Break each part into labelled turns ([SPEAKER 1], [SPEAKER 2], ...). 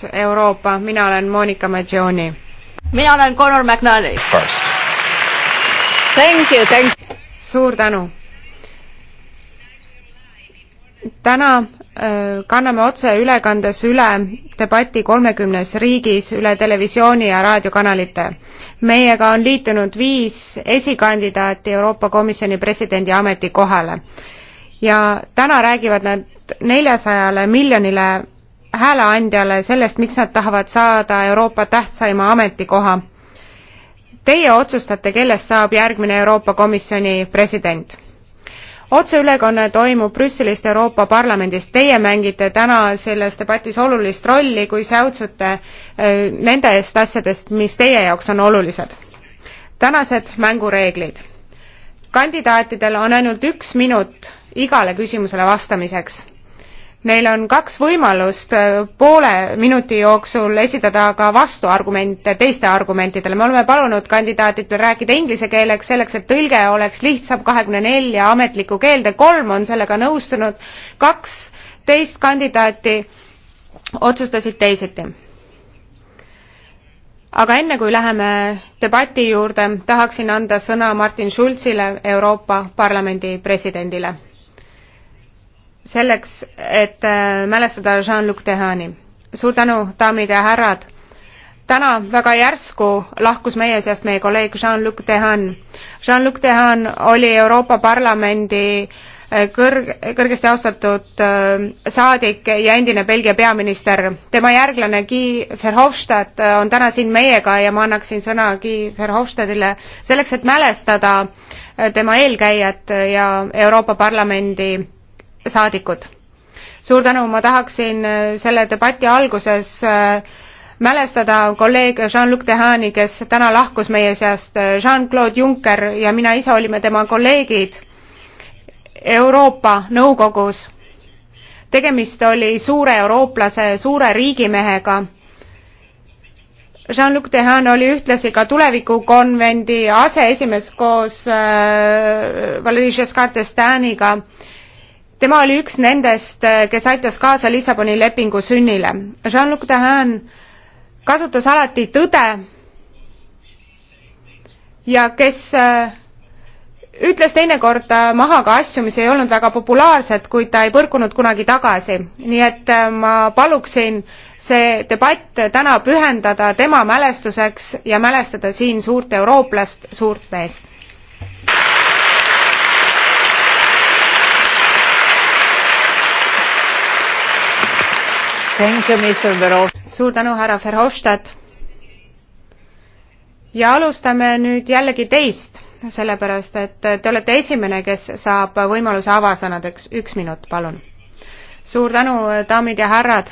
[SPEAKER 1] First Euroopa, mina olen Monika Maggioni. mina olen Connor McNally. First. Thank you, thank you. suur tänu. täna äh, kanname otseülekandes üle debati kolmekümnes riigis üle televisiooni ja raadiokanalite. meiega on liitunud viis esikandidaati Euroopa Komisjoni presidendi ametikohale ja täna räägivad nad neljasajale miljonile hääleandjale sellest, miks nad tahavad saada Euroopa tähtsaima ametikoha. Teie otsustate, kellest saab järgmine Euroopa Komisjoni president. otseülekanne toimub Brüsselist Euroopa Parlamendist, teie mängite täna selles debatis olulist rolli, kui säutsute äh, nende eest asjadest, mis teie jaoks on olulised. tänased mängureeglid. kandidaatidel on ainult üks minut igale küsimusele vastamiseks Neil on kaks võimalust äh, poole minuti jooksul esitada ka vastuargumente teiste argumentidele. me oleme palunud kandidaatidel rääkida inglise keeleks, selleks et tõlge oleks lihtsam kahekümne nelja ametlikku keelde, kolm on sellega nõustunud, kaks teist kandidaati otsustasid teisiti aga enne kui läheme debati juurde tahaksin anda sõna martin schulzile euroopa parlamendi presidendile selleks, et äh, mälestada Jean-Luc Dehani. suur tänu, daamid ja härrad! täna väga järsku lahkus meie seast meie kolleeg Jean-Luc Dehan. Jean-Luc Dehan oli Euroopa Parlamendi äh, kõrg, kõrgesti austatud äh, saadik ja endine Belgia peaminister. tema järglane Guy Verhofstadt on täna siin meiega ja ma annaksin sõna Guy Verhofstadtile selleks, et mälestada tema eelkäijat ja Euroopa Parlamendi saadikud. suur tänu, ma tahaksin äh, selle debati alguses äh, mälestada kolleeg Jean-Luc Dehani, kes täna lahkus meie seast, äh, Jean-Claude Juncker ja mina ise olime tema kolleegid Euroopa Nõukogus. tegemist oli suure eurooplase, suure riigimehega Jean-Luc Dehan oli ühtlasi ka tulevikukonvendi aseesimees koos äh, Valerie Giscard d'Estaniga tema oli üks nendest, eh, kes aitas kaasa Lissaboni lepingu sünnile. Jean-Luc Dehaene kasutas alati tõde ja kes eh, ütles teinekord eh, maha ka asju, mis ei olnud väga populaarsed, kuid ta ei põrkunud kunagi tagasi. nii et ma paluksin see debatt täna pühendada tema mälestuseks ja mälestada siin suurt eurooplast, suurt meest. suur tänu, härra Verhofstadt. ja alustame nüüd jällegi teist, sellepärast et te olete esimene, kes saab võimaluse avasõnadeks. üks minut, palun. suur tänu, daamid ja härrad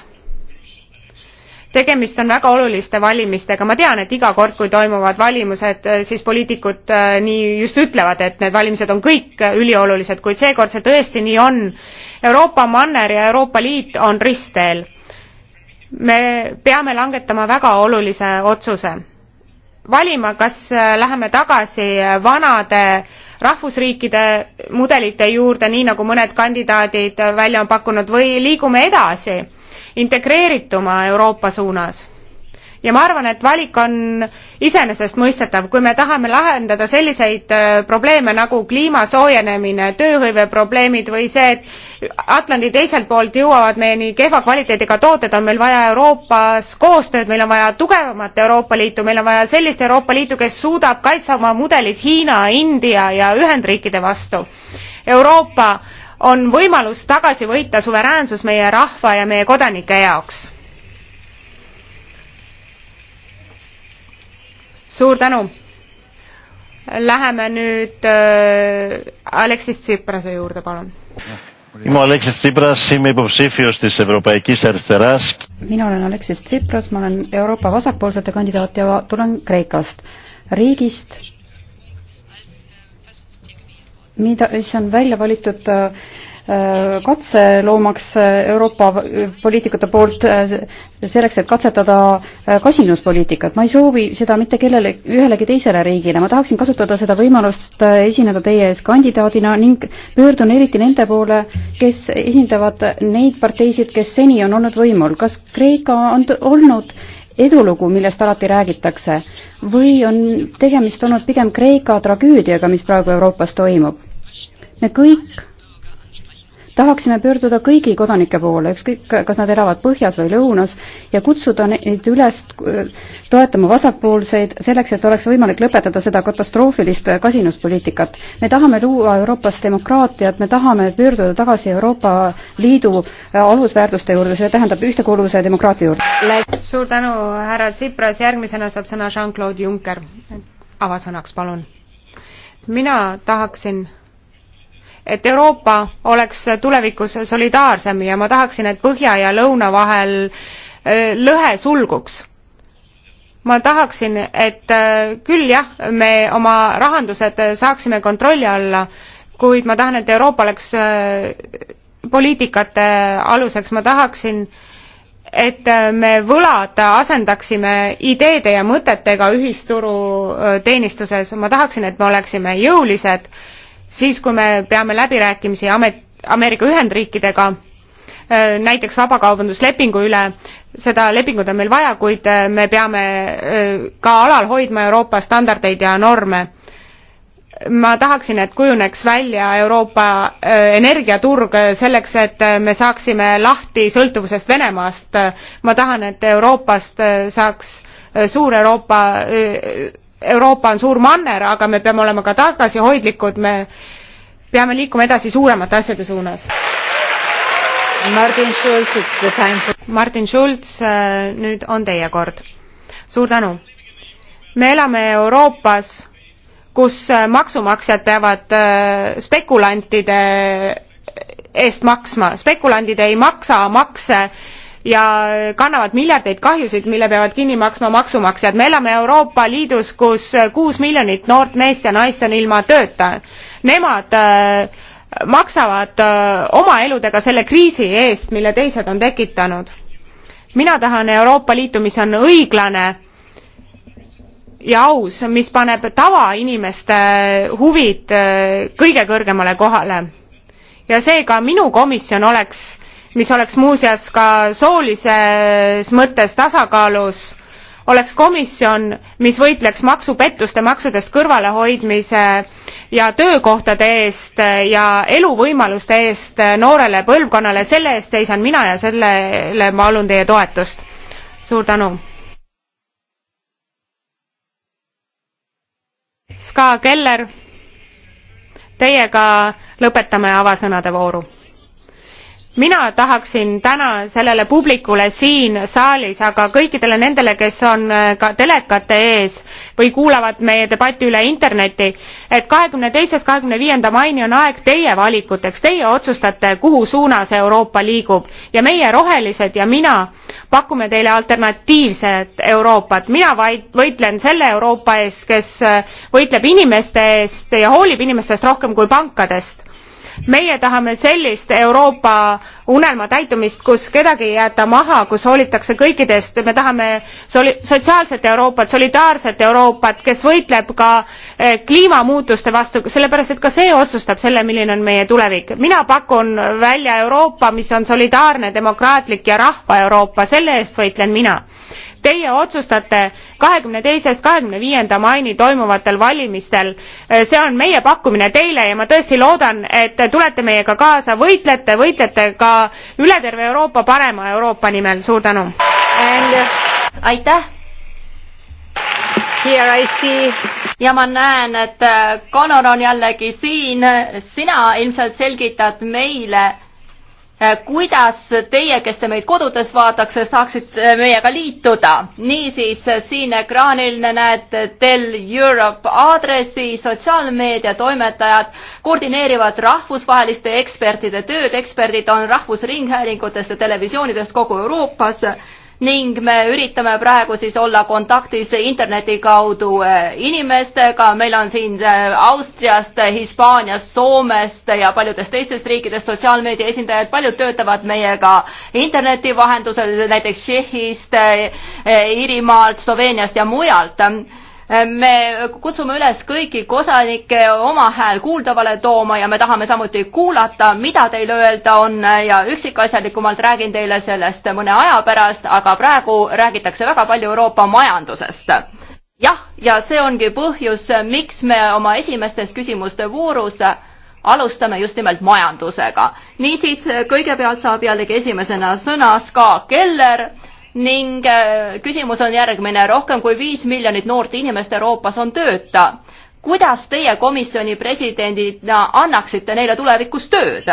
[SPEAKER 1] tegemist on väga oluliste valimistega, ma tean, et iga kord, kui toimuvad valimised, siis poliitikud äh, nii just ütlevad, et need valimised on kõik üliolulised, kuid seekord see tõesti nii on. Euroopa manner ja Euroopa Liit on ristteel me peame langetama väga olulise otsuse. valima, kas äh, läheme tagasi äh, vanade rahvusriikide mudelite juurde, nii nagu mõned kandidaadid äh, välja on pakkunud, või liigume edasi integreerituma Euroopa suunas ja ma arvan, et valik on iseenesestmõistetav, kui me tahame lahendada selliseid äh, probleeme nagu kliima soojenemine, tööhõiveprobleemid või see, et Atlandi teiselt poolt jõuavad meieni kehva kvaliteediga tooted, on meil vaja Euroopas koostööd, meil on vaja tugevamat Euroopa Liitu, meil on vaja sellist Euroopa Liitu, kes suudab kaitsta oma mudelit Hiina, India ja Ühendriikide vastu. Euroopa on võimalus tagasi võita suveräänsus meie rahva ja meie kodanike jaoks suur tänu. Läheme nüüd äh, Aleksis Tsiprase juurde, palun.
[SPEAKER 2] Είμαι ο Αλέξης Τσίπρας, είμαι υποψήφιος της Ευρωπαϊκής Αριστεράς.
[SPEAKER 3] Mina olen Alexis Tsipras, ma olen Euroopa vasakpoolsete kandidaat ja tulen Kreekast, riigist, mida, mis on välja valitud äh, Äh, katseloomaks Euroopa poliitikute poolt äh, selleks, et katsetada äh, kasinuspoliitikat. ma ei soovi seda mitte kellele, ühelegi teisele riigile, ma tahaksin kasutada seda võimalust esineda teie ees kandidaadina ning pöördun eriti nende poole, kes esindavad neid parteisid, kes seni on olnud võimul. kas Kreeka on olnud edulugu, millest alati räägitakse või on tegemist olnud pigem Kreeka tragöödiaga, mis praegu Euroopas toimub? me kõik tahaksime pöörduda kõigi kodanike poole, ükskõik, kas nad elavad põhjas või lõunas, ja kutsuda neid üles äh, toetama vasakpoolseid, selleks et oleks võimalik lõpetada seda katastroofilist kasinuspoliitikat. me tahame luua Euroopas demokraatiat, me tahame pöörduda tagasi Euroopa Liidu äh, alusväärtuste juurde, see tähendab ühtekuuluvuse ja demokraatia
[SPEAKER 1] juurde. suur tänu, härra Tsipras, järgmisena saab sõna Jean-Claude Juncker. avasõnaks, palun. mina tahaksin et Euroopa oleks tulevikus solidaarsem ja ma tahaksin, et põhja ja lõuna vahel äh, lõhe sulguks. ma tahaksin, et äh, küll jah, me oma rahandused saaksime kontrolli alla, kuid ma tahan, et Euroopa oleks äh, poliitikate aluseks, ma tahaksin, et me võlad asendaksime ideede ja mõtetega ühisturu teenistuses, ma tahaksin, et me oleksime jõulised siis, kui me peame läbirääkimisi amet, Ameerika Ühendriikidega, äh, näiteks vabakaubanduslepingu üle, seda lepingut on meil vaja, kuid äh, me peame äh, ka alal hoidma Euroopa standardeid ja norme. ma tahaksin, et kujuneks välja Euroopa energiaturg selleks, et me saaksime lahti sõltuvusest Venemaast. ma tahan, et Euroopast saaks suur Euroopa Euroopa on suur manner, aga me peame olema ka tagasihoidlikud, me peame liikuma edasi suuremate asjade suunas. Martin Schulz, it's the time for Martin Schulz, äh, nüüd on teie kord. suur tänu. me elame Euroopas, kus äh, maksumaksjad peavad äh, spekulantide eest maksma, spekulandid ei maksa makse ja kannavad miljardeid kahjusid, mille peavad kinni maksma maksumaksjad. me elame Euroopa Liidus, kus kuus miljonit noort meest ja naist on ilma tööta. Nemad äh, maksavad äh, oma eludega selle kriisi eest, mille teised on tekitanud. mina tahan Euroopa Liitu, mis on õiglane ja aus, mis paneb tavainimeste äh, huvid äh, kõige kõrgemale kohale. ja seega minu komisjon oleks mis oleks muuseas ka soolises mõttes tasakaalus, oleks komisjon, mis võitleks maksupettuste, maksudest kõrvalehoidmise ja töökohtade eest ja eluvõimaluste eest noorele põlvkonnale, selle eest seisan mina ja sellele ma palun teie toetust. suur tänu. Ska Keller, teiega lõpetame avasõnade vooru mina tahaksin täna sellele publikule siin saalis aga kõikidele nendele kes on äh, ka telekate ees või kuulavad meie debatti üle interneti et 22 maini on aeg teie valikuteks teie otsustate kuhu suunas euroopa liigub ja meie rohelised ja mina pakume teile alternatiivset euroopat mina vaid võitlen selle euroopa eest kes äh, võitleb inimeste eest ja hoolib inimestest rohkem kui pankadest meie tahame sellist Euroopa unelma täitumist, kus kedagi ei jäeta maha, kus hoolitakse kõikidest, me tahame soli-, sotsiaalset Euroopat, solidaarset Euroopat, kes võitleb ka eh, kliimamuutuste vastu, sellepärast et ka see otsustab selle, milline on meie tulevik. mina pakun välja Euroopa, mis on solidaarne, demokraatlik ja rahva Euroopa, selle eest võitlen mina teie otsustate kahekümne teisest kahekümne viienda maini toimuvatel valimistel äh, see on meie pakkumine teile ja ma tõesti loodan et tulete meiega kaasa võitlete võitlete ka üle terve euroopa parema euroopa nimel suur tänu
[SPEAKER 4] And... Uh, aitäh ja ma näen, et äh, Connor on jällegi siin, sina ilmselt selgitad meile Äh, kuidas teie, kes te meid kodudes vaataks, saaksite äh, meiega liituda. niisiis, äh, siin ekraanil näete Dell Europe aadressi, sotsiaalmeedia toimetajad koordineerivad rahvusvaheliste ekspertide tööd, eksperdid on rahvusringhäälingutest ja televisioonidest kogu Euroopas ning me üritame praegu siis olla kontaktis interneti kaudu äh, inimestega, meil on siin äh, Austriast, Hispaaniast, Soomest ja paljudest teistest riikidest sotsiaalmeedia esindajad, paljud töötavad meiega interneti vahendusel, näiteks Tšehhist, äh, Iirimaalt, Sloveeniast ja mujalt me kutsume üles kõiki kodanikke oma hääl kuuldavale tooma ja me tahame samuti kuulata, mida teil öelda on ja üksikasjalikumalt räägin teile sellest mõne aja pärast, aga praegu räägitakse väga palju Euroopa majandusest jah, ja see ongi põhjus, miks me oma esimestes küsimuste voorus alustame just nimelt majandusega. niisiis, kõigepealt saab jällegi esimesena sõna Ska Keller ning äh, küsimus on järgmine, rohkem kui viis miljonit noort inimest Euroopas on tööta. kuidas teie komisjoni presidendina annaksite neile tulevikus tööd?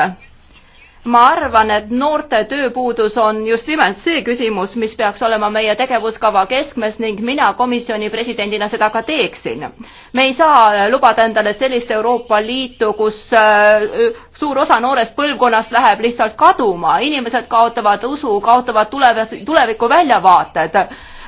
[SPEAKER 4] ma arvan, et noorte tööpuudus on just nimelt see küsimus, mis peaks olema meie tegevuskava keskmes ning mina komisjoni presidendina seda ka teeksin. me ei saa lubada endale sellist Euroopa Liitu, kus äh, suur osa noorest põlvkonnast läheb lihtsalt kaduma, inimesed kaotavad usu, kaotavad tuleviku väljavaated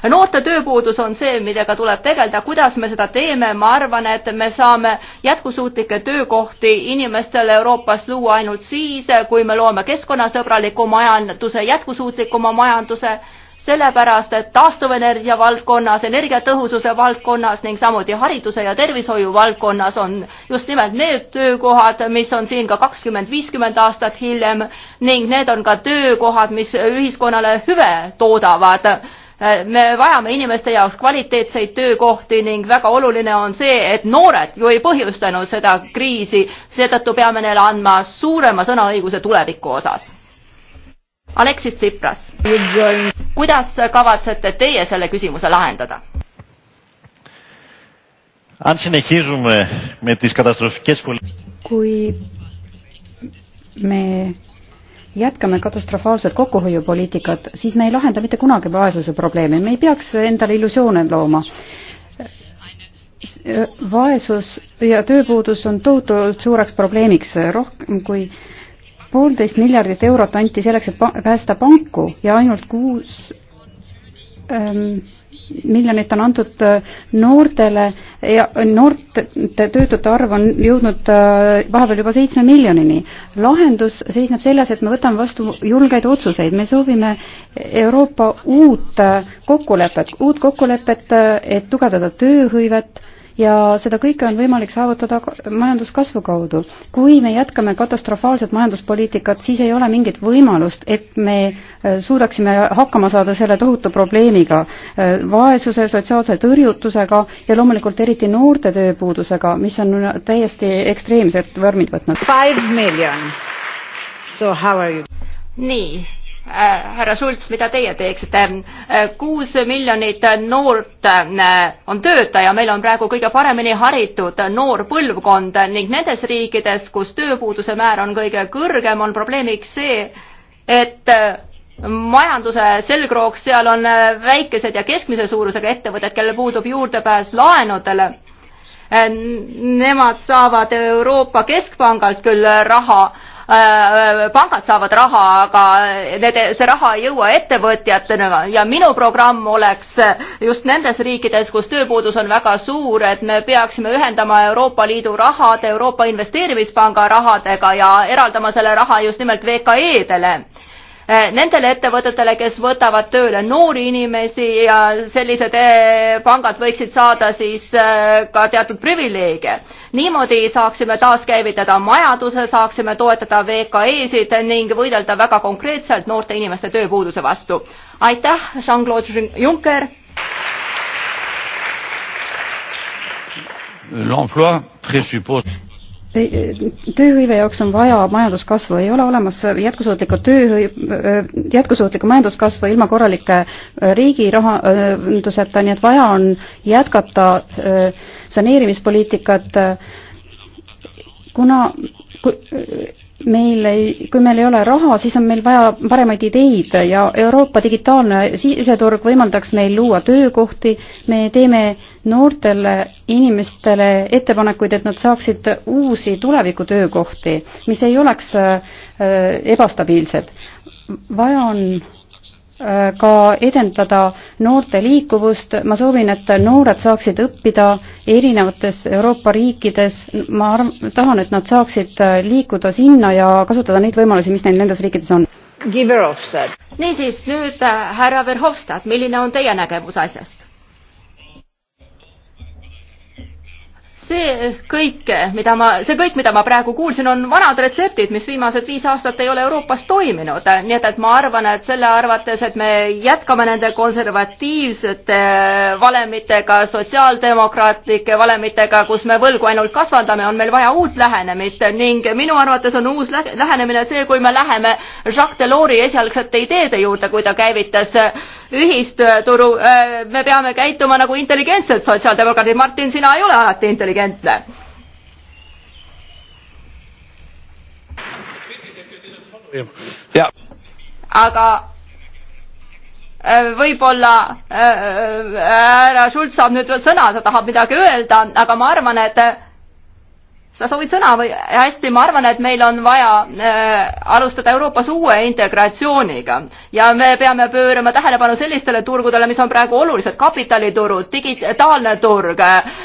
[SPEAKER 4] noorte tööpuudus on see, millega tuleb tegeleda, kuidas me seda teeme, ma arvan, et me saame jätkusuutlikke töökohti inimestele Euroopas luua ainult siis, kui me loome keskkonnasõbraliku majanduse, jätkusuutlikuma majanduse, sellepärast et taastuvenergia valdkonnas, energiatõhususe valdkonnas ning samuti hariduse ja tervishoiu valdkonnas on just nimelt need töökohad, mis on siin ka kakskümmend, viiskümmend aastat hiljem ning need on ka töökohad, mis ühiskonnale hüve toodavad Äh, me vajame inimeste jaoks kvaliteetseid töökohti ning väga oluline on see, et noored ju ei põhjustanud seda kriisi, seetõttu peame neile andma suurema sõnaõiguse tuleviku osas. Aleksis Tsipras, kuidas kavatsete teie selle küsimuse lahendada? kui
[SPEAKER 3] me jätkame katastrofaalset kokkuhoiupoliitikat, siis me ei lahenda mitte kunagi vaesuse probleemi, me ei peaks endale illusioone looma. vaesus ja tööpuudus on tohutult suureks probleemiks, rohkem kui poolteist miljardit eurot anti selleks, et päästa panku ja ainult kuus ähm, miljonit on antud äh, noortele ja äh, noorte töötute arv on jõudnud äh, vahepeal juba seitsme miljonini. lahendus seisneb selles, et me võtame vastu julgeid otsuseid, me soovime Euroopa uut kokkulepet, uut kokkulepet, et tugevdada tööhõivet ja seda kõike on võimalik saavutada majanduskasvu kaudu. kui me jätkame katastrofaalset majanduspoliitikat, siis ei ole mingit võimalust, et me äh, suudaksime hakkama saada selle tohutu probleemiga, äh, vaesuse, sotsiaalse tõrjutusega ja loomulikult eriti noorte tööpuudusega, mis on täiesti ekstreemsed vormid võtnud.
[SPEAKER 4] nii Äh, härra Schulz, mida teie teeksite? Äh, kuus miljonit noort äh, on tööta ja meil on praegu kõige paremini haritud noor põlvkond ning nendes riikides, kus tööpuuduse määr on kõige kõrgem, on probleemiks see, et majanduse selgrooks seal on väikesed ja keskmise suurusega ettevõtted, kellel puudub juurdepääs laenudele nemad saavad Euroopa Keskpangalt küll raha, Äh, äh, pangad saavad raha, aga need, see raha ei jõua ettevõtjatena ja minu programm oleks just nendes riikides, kus tööpuudus on väga suur, et me peaksime ühendama Euroopa Liidu rahad Euroopa Investeerimispanga rahadega ja eraldama selle raha just nimelt VKE-dele Eh, nendele ettevõtetele, kes võtavad tööle noori inimesi ja sellised eh, pangad võiksid saada siis eh, ka teatud privileege. niimoodi saaksime taaskäivitada majanduse, saaksime toetada VKE-sid ning võidelda väga konkreetselt noorte inimeste tööpuuduse vastu. aitäh, Jean-Claude Juncker!
[SPEAKER 2] L'emploi présuppose
[SPEAKER 4] tööhõive
[SPEAKER 3] jaoks on vaja majanduskasvu, ei ole olemas jätkusuutlikku tööhõi-, jätkusuutlikku majanduskasvu ilma korralike äh, riigi rahanduseta, nii et vaja on jätkata äh, saneerimispoliitikat, äh, kuna meil ei, kui meil ei ole raha, siis on meil vaja paremaid ideid ja Euroopa digitaalne siseturg võimaldaks meil luua töökohti, me teeme noortele inimestele ettepanekuid, et nad saaksid uusi tulevikutöökohti, mis ei oleks äh, ebastabiilsed. vaja on ka edendada noorte liikuvust, ma soovin, et noored saaksid õppida erinevates Euroopa riikides, ma arv-, tahan, et nad saaksid äh, liikuda sinna ja kasutada neid võimalusi, mis neil nendes riikides on.
[SPEAKER 4] niisiis, nüüd äh, härra Verhofstadt, milline on teie nägemus asjast? see kõik, mida ma, see kõik, mida ma praegu kuulsin, on vanad retseptid, mis viimased viis aastat ei ole Euroopas toiminud, nii et, et ma arvan, et selle arvates, et me jätkame nende konservatiivsete valemitega, sotsiaaldemokraatlike valemitega, kus me võlgu ainult kasvatame, on meil vaja uut lähenemist ning minu arvates on uus lähenemine see, kui me läheme Jacques Delors'i esialgsete ideede juurde, kui ta käivitas ühisturu, äh, me peame käituma nagu intelligentsed sotsiaaldemokraadid. Martin, sina ei ole alati intelligentne. aga äh, võib-olla äh, härra Schultz saab nüüd sõna, ta tahab midagi öelda, aga ma arvan, et sa soovid sõna või? hästi, ma arvan, et meil on vaja äh, alustada Euroopas uue integratsiooniga ja me peame pöörama tähelepanu sellistele turgudele, mis on praegu olulised, kapitaliturud, digitaalne turg äh,,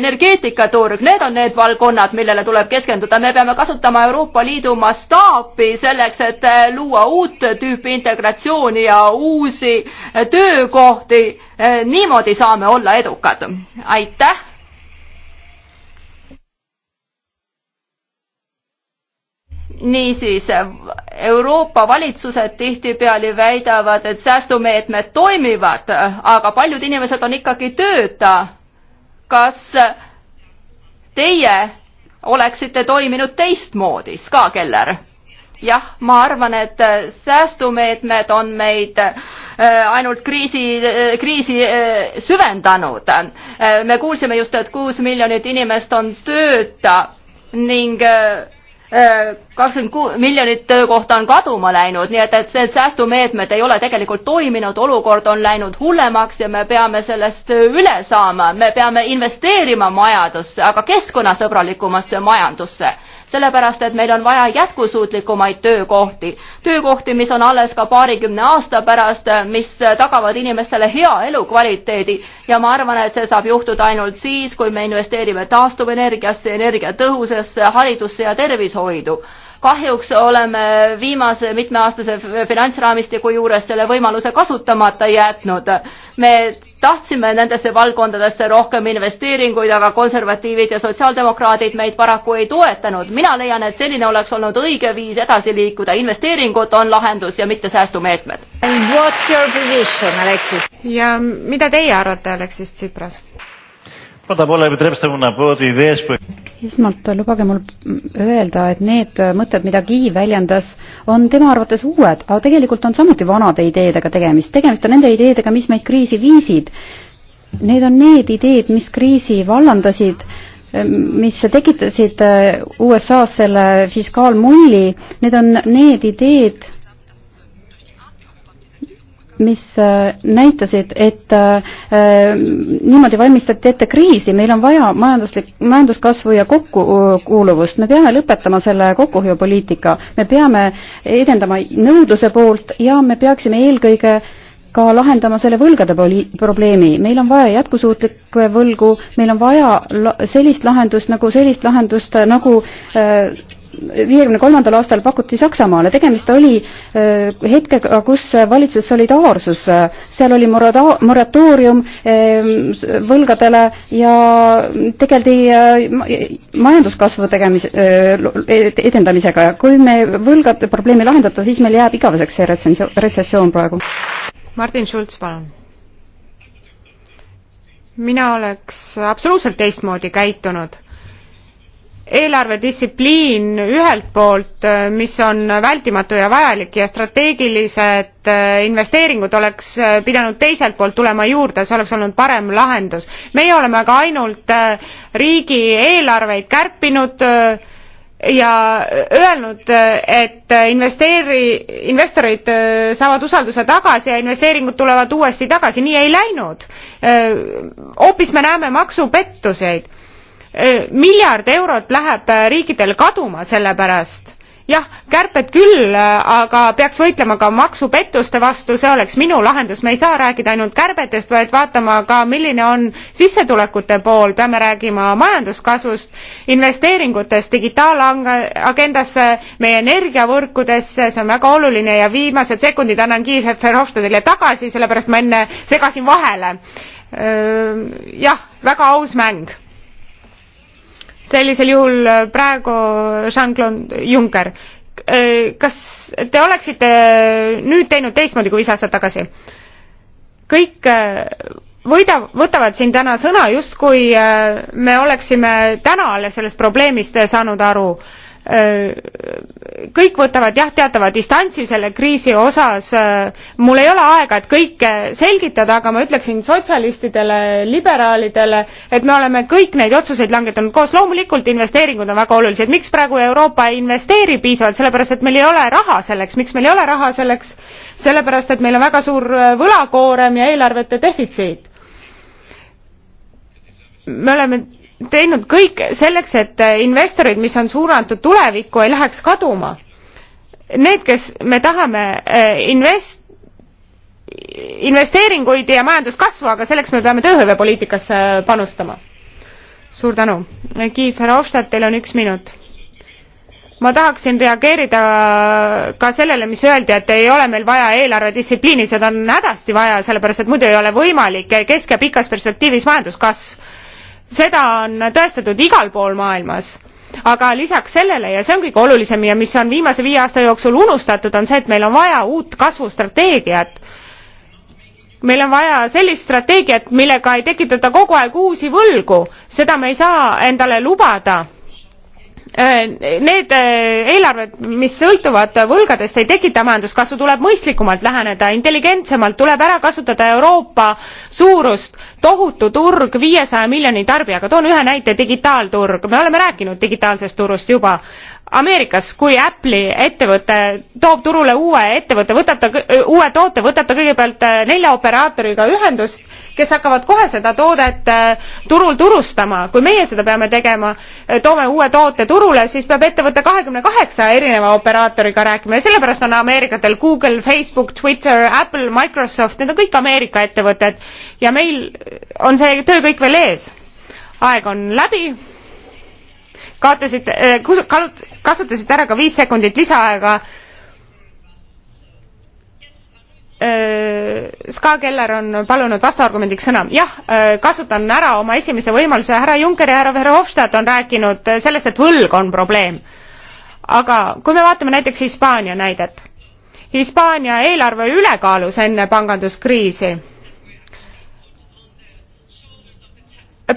[SPEAKER 4] energeetikaturg, need on need valdkonnad, millele tuleb keskenduda. me peame kasutama Euroopa Liidu mastaapi selleks, et äh, luua uut tüüpi integratsiooni ja uusi äh, töökohti äh,. niimoodi saame olla edukad. aitäh niisiis Euroopa valitsused tihtipeale väidavad, et säästumeetmed toimivad, aga paljud inimesed on ikkagi tööta. kas teie oleksite toiminud teistmoodi, Ska Keller? jah, ma arvan, et säästumeetmed on meid äh, ainult kriisi, äh, kriisi äh, süvendanud. me kuulsime just, et kuus miljonit inimest on tööta ning kakskümmend miljonit töökohta on kaduma läinud, nii et, et need säästumeetmed ei ole tegelikult toiminud, olukord on läinud hullemaks ja me peame sellest üle saama, me peame investeerima majandusse, aga keskkonnasõbralikumasse majandusse sellepärast et meil on vaja jätkusuutlikumaid töökohti, töökohti, mis on alles ka paarikümne aasta pärast, mis tagavad inimestele hea elukvaliteedi ja ma arvan, et see saab juhtuda ainult siis, kui me investeerime taastuvenergiasse, energiatõhusesse, haridusse ja tervishoidu kahjuks oleme viimase mitmeaastase finantsraamistiku juures selle võimaluse kasutamata jätnud. me tahtsime nendesse valdkondadesse rohkem investeeringuid, aga konservatiivid ja sotsiaaldemokraadid meid paraku ei toetanud. mina leian, et selline oleks olnud õige viis edasi liikuda, investeeringud on lahendus ja mitte säästumeetmed.
[SPEAKER 1] ja mida teie arvate, Aleksis Tsipras?
[SPEAKER 3] esmalt lubage mul öelda, et need mõtted, mida Guy väljendas, on tema arvates uued, aga tegelikult on samuti vanade ideedega tegemist. tegemist on nende ideedega, mis meid kriisi viisid. Need on need ideed, mis kriisi vallandasid, mis tekitasid eh, USA-s selle fiskaalmulli, need on need ideed, mis äh, näitasid, et äh, äh, niimoodi valmistati ette kriisi, meil on vaja majanduslik, majanduskasvu ja kokkukuuluvust, me peame lõpetama selle kokkuhoiupoliitika, me peame edendama nõudluse poolt ja me peaksime eelkõige ka lahendama selle võlgade poli-, probleemi, meil on vaja jätkusuutlikke võlgu, meil on vaja la sellist lahendust nagu, sellist lahendust nagu äh, viiekümne kolmandal aastal pakuti Saksamaale, tegemist oli äh, hetkega, kus valitses solidaarsus, seal oli morata-, moratoorium ähm, võlgadele ja tegeldi äh, majanduskasvu tegemise, äh, edendamisega ja kui me võlgade probleemi lahendata, siis meil jääb igaveseks see retsensio-, retsessioon praegu.
[SPEAKER 1] Martin Schulz, palun mina oleks absoluutselt teistmoodi käitunud eelarvedistsipliin ühelt poolt, äh, mis on vältimatu ja vajalik ja strateegilised äh, investeeringud oleks äh, pidanud teiselt poolt tulema juurde, see oleks olnud parem lahendus. meie oleme aga ainult riigieelarveid kärpinud ja öelnud, et investeeri-, investorid saavad usalduse tagasi ja investeeringud tulevad uuesti tagasi, nii ei läinud. hoopis me näeme maksupettuseid Äh, miljard eurot läheb äh, riikidel kaduma selle pärast jah, kärped küll, äh, aga peaks võitlema ka maksupettuste vastu, see oleks minu lahendus, me ei saa rääkida ainult kärbetest, vaid vaatama ka, milline on sissetulekute pool, peame rääkima majanduskasvust, investeeringutest, digitaalagendasse, meie energiavõrkudesse, see on väga oluline ja viimased sekundid annan Kiiev Verhofstadile tagasi, sellepärast ma enne segasin vahele. jah, väga aus mäng sellisel juhul äh, praegu Jean-Claude Juncker. Äh, kas te oleksite nüüd teinud teistmoodi kui viis aastat tagasi? kõik äh, võida-, võtavad siin täna sõna, justkui me oleksime täna alles sellest probleemist saanud aru Äh, kõik võtavad jah, teatava distantsi selle kriisi osas. Äh, mul ei ole aega, et kõike selgitada, aga ma ütleksin sotsialistidele, liberaalidele, et me oleme kõik neid otsuseid langetanud koos. loomulikult investeeringud on väga olulised. miks praegu Euroopa ei investeeri piisavalt? sellepärast, et meil ei ole raha selleks. miks meil ei ole raha selleks? sellepärast, et meil on väga suur äh, võlakoorem ja eelarvete defitsiit. me oleme teinud kõik selleks, et äh, investorid, mis on suunatud tulevikku, ei läheks kaduma. Need, kes me tahame äh, invest-, investeeringuid ja majanduskasvu, aga selleks me peame tööhõivepoliitikasse panustama. suur tänu. Guy Verhofstadt, teil on üks minut ma tahaksin reageerida ka sellele, mis öeldi, et ei ole meil vaja eelarvedistsipliini, seda on hädasti vaja, sellepärast et muidu ei ole võimalik kesk- ja pikas perspektiivis majanduskasv seda on tõestatud igal pool maailmas aga lisaks sellele ja see on kõige olulisem ja mis on viimase viie aasta jooksul unustatud, on see, et meil on vaja uut kasvustrateegiat. meil on vaja sellist strateegiat, millega ei tekitata kogu aeg uusi võlgu, seda me ei saa endale lubada Äh, need äh, eelarved, mis sõltuvad võlgadest, ei tekita majanduskasvu, tuleb mõistlikumalt läheneda, intelligentsemalt, tuleb ära kasutada Euroopa suurust, tohutu turg viiesaja miljoni tarbijaga, toon ühe näite, digitaalturg, me oleme rääkinud digitaalsest turust juba, Ameerikas, kui Apple'i ettevõte toob turule uue ettevõtte, võtab ta, äh, uue toote, võtab ta kõigepealt äh, nelja operaatoriga ühendust, kes hakkavad kohe seda toodet äh, turul turustama. kui meie seda peame tegema, toome uue toote turule, siis peab ettevõte kahekümne kaheksa erineva operaatoriga rääkima ja sellepärast on ameerikatel Google, Facebook, Twitter, Apple, Microsoft, need on kõik Ameerika ettevõtted ja meil on see töö kõik veel ees. aeg on läbi kaotasite, kalut-, kasutasite ära ka viis sekundit lisaaega. Äh, Ska Keller on palunud vastuargumendiks sõna. jah, äh, kasutan ära oma esimese võimaluse, härra Juncker ja härra Verhofstadt on rääkinud äh, sellest, et võlg on probleem. aga kui me vaatame näiteks Hispaania näidet, Hispaania eelarve ülekaalus enne panganduskriisi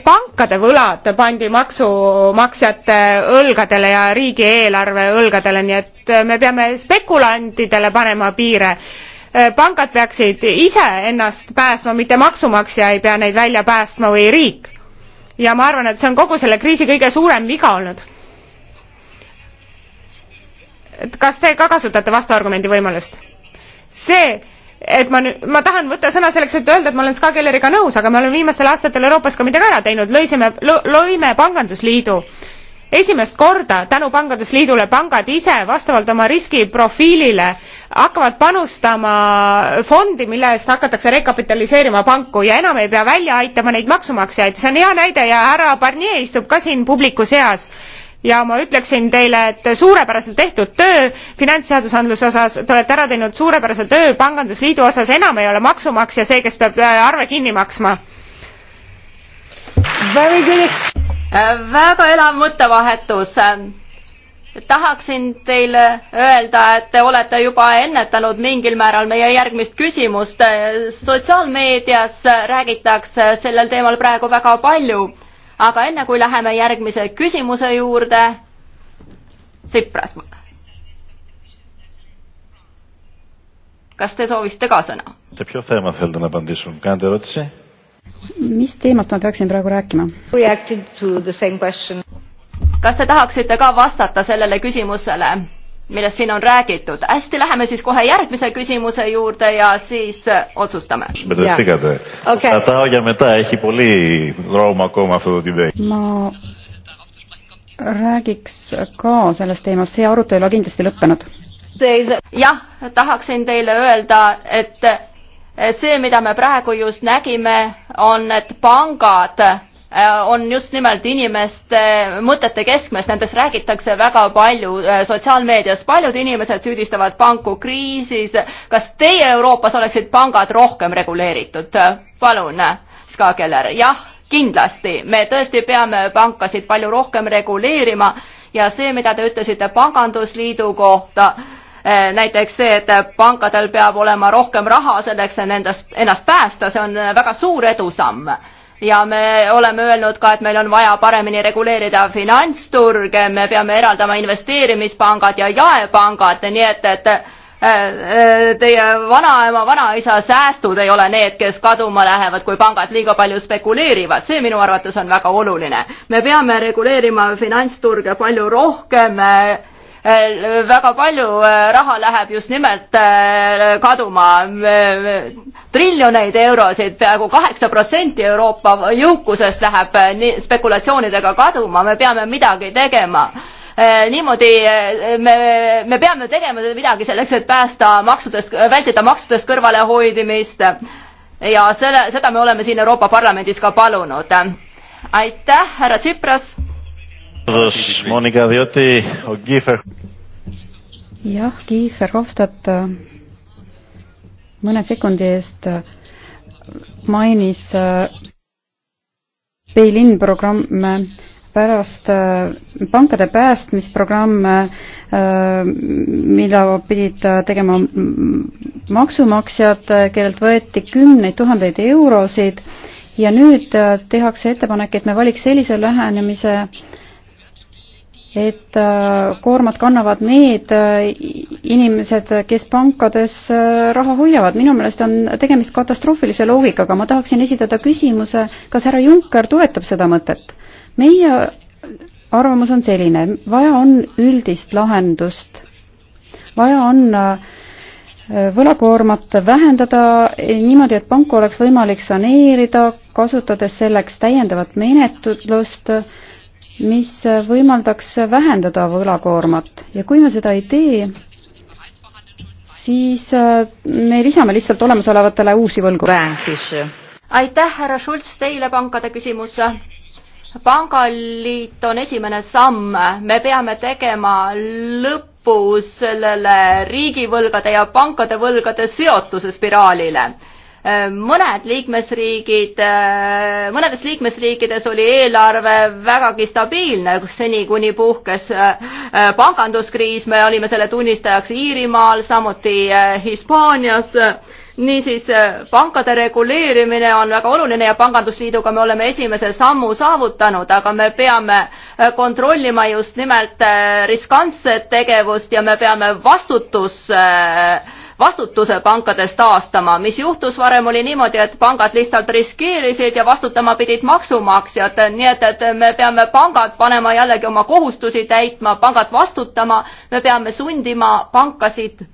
[SPEAKER 1] pankade võlad pandi maksumaksjate õlgadele ja riigieelarve õlgadele, nii et me peame spekulantidele panema piire. pangad peaksid ise ennast päästma, mitte maksumaksja ei pea neid välja päästma või riik. ja ma arvan, et see on kogu selle kriisi kõige suurem viga olnud. et kas te ka kasutate vastuargumendi võimalust? see et ma nüüd, ma tahan võtta sõna selleks, et öelda, et ma olen Ska Kelleriga nõus, aga me oleme viimastel aastatel Euroopas ka midagi ära teinud, lõisime, lõime pangandusliidu. esimest korda tänu pangandusliidule pangad ise vastavalt oma riskiprofiilile hakkavad panustama fondi, mille eest hakatakse rekapitaliseerima panku ja enam ei pea välja aitama neid maksumaksjaid, see on hea näide ja härra Barnier istub ka siin publiku seas ja ma ütleksin teile, et suurepäraselt tehtud töö finantsseadusandluse osas, te olete ära teinud suurepärase töö Pangandusliidu osas, enam ei ole maksumaksja see, kes peab äh, arve kinni maksma.
[SPEAKER 4] Äh, väga elav mõttevahetus. tahaksin teile öelda, et te olete juba ennetanud mingil määral meie järgmist küsimust. sotsiaalmeedias räägitakse sellel teemal praegu väga palju aga enne kui läheme järgmise küsimuse juurde, Tsipras. kas te soovisite ka sõna?
[SPEAKER 3] mis teemast ma peaksin praegu rääkima?
[SPEAKER 4] kas te tahaksite ka vastata sellele küsimusele? millest siin on räägitud. hästi, läheme siis kohe järgmise küsimuse juurde ja siis äh, otsustame. Okay.
[SPEAKER 3] ma räägiks ka sellest teemast, see arutelu ei ole kindlasti lõppenud.
[SPEAKER 4] jah, tahaksin teile öelda, et äh, see, mida me praegu just nägime, on, et pangad Äh, on just nimelt inimeste mõtete keskmes, nendest räägitakse väga palju äh, sotsiaalmeedias, paljud inimesed süüdistavad panku kriisis. kas teie Euroopas oleksid pangad rohkem reguleeritud? palun, Ska Keller. jah, kindlasti, me tõesti peame pankasid palju rohkem reguleerima ja see, mida te ütlesite Pangandusliidu kohta, äh, näiteks see, et pankadel peab olema rohkem raha selleks, et endast, ennast päästa, see on väga suur edusamm ja me oleme öelnud ka, et meil on vaja paremini reguleerida finantsturge, me peame eraldama investeerimispangad ja jaepangad, nii et, et äh, äh, teie vanaema, vanaisa säästud ei ole need, kes kaduma lähevad, kui pangad liiga palju spekuleerivad, see minu arvates on väga oluline. me peame reguleerima finantsturge palju rohkem äh, Äh, väga palju äh, raha läheb just nimelt äh, kaduma, triljoneid eurosid, peaaegu kaheksa protsenti Euroopa jõukusest läheb spekulatsioonidega kaduma, me peame midagi tegema niimoodi me, me peame tegema midagi selleks, et päästa maksudest, vältida maksudest kõrvalehoidmist ja selle, seda me oleme siin Euroopa Parlamendis ka palunud. aitäh, härra Tsipras
[SPEAKER 2] Monika, διότι ο Γκίφερ...
[SPEAKER 3] jah, Γκίfer Hofstadt äh, mõne sekundi eest äh, mainis Beilin äh, programme pärast pankade päästmisprogramme, mida pidid tegema maksumaksjad, kellelt võeti kümneid tuhandeid eurosid ja nüüd tehakse ettepanek, et me valiks sellise lähenemise, et äh, koormat kannavad need äh, inimesed, kes pankades äh, raha hoiavad. minu meelest on tegemist katastroofilise loogikaga. ma tahaksin esitada küsimuse, kas härra Juncker toetab seda mõtet? meie arvamus on selline, vaja on üldist lahendust, vaja on võlakoormat vähendada eh, niimoodi, et panku oleks võimalik saneerida, kasutades selleks täiendavat menetlust, mis võimaldaks vähendada võlakoormat ja kui me seda ei tee, siis äh, me lisame lihtsalt olemasolevatele uusi võlgu.
[SPEAKER 4] aitäh, härra Schulz, teile pankade küsimus pangaliit on esimene samm, me peame tegema lõpu sellele riigivõlgade ja pankade võlgade seotuse spiraalile mõned liikmesriigid, mõnedes liikmesriikides oli eelarve vägagi stabiilne, seni kuni puhkes äh, panganduskriis, me olime selle tunnistajaks Iirimaal, samuti äh, Hispaanias niisiis äh, pankade reguleerimine on väga oluline ja Pangandusliiduga me oleme esimese sammu saavutanud, aga me peame kontrollima just nimelt riskantset tegevust ja me peame vastutus äh, vastutuse pankades taastama. mis juhtus varem, oli niimoodi, et pangad lihtsalt riskeerisid ja vastutama pidid maksumaksjad, nii et, et me peame pangad panema jällegi oma kohustusi täitma, pangad vastutama, me peame sundima pankasid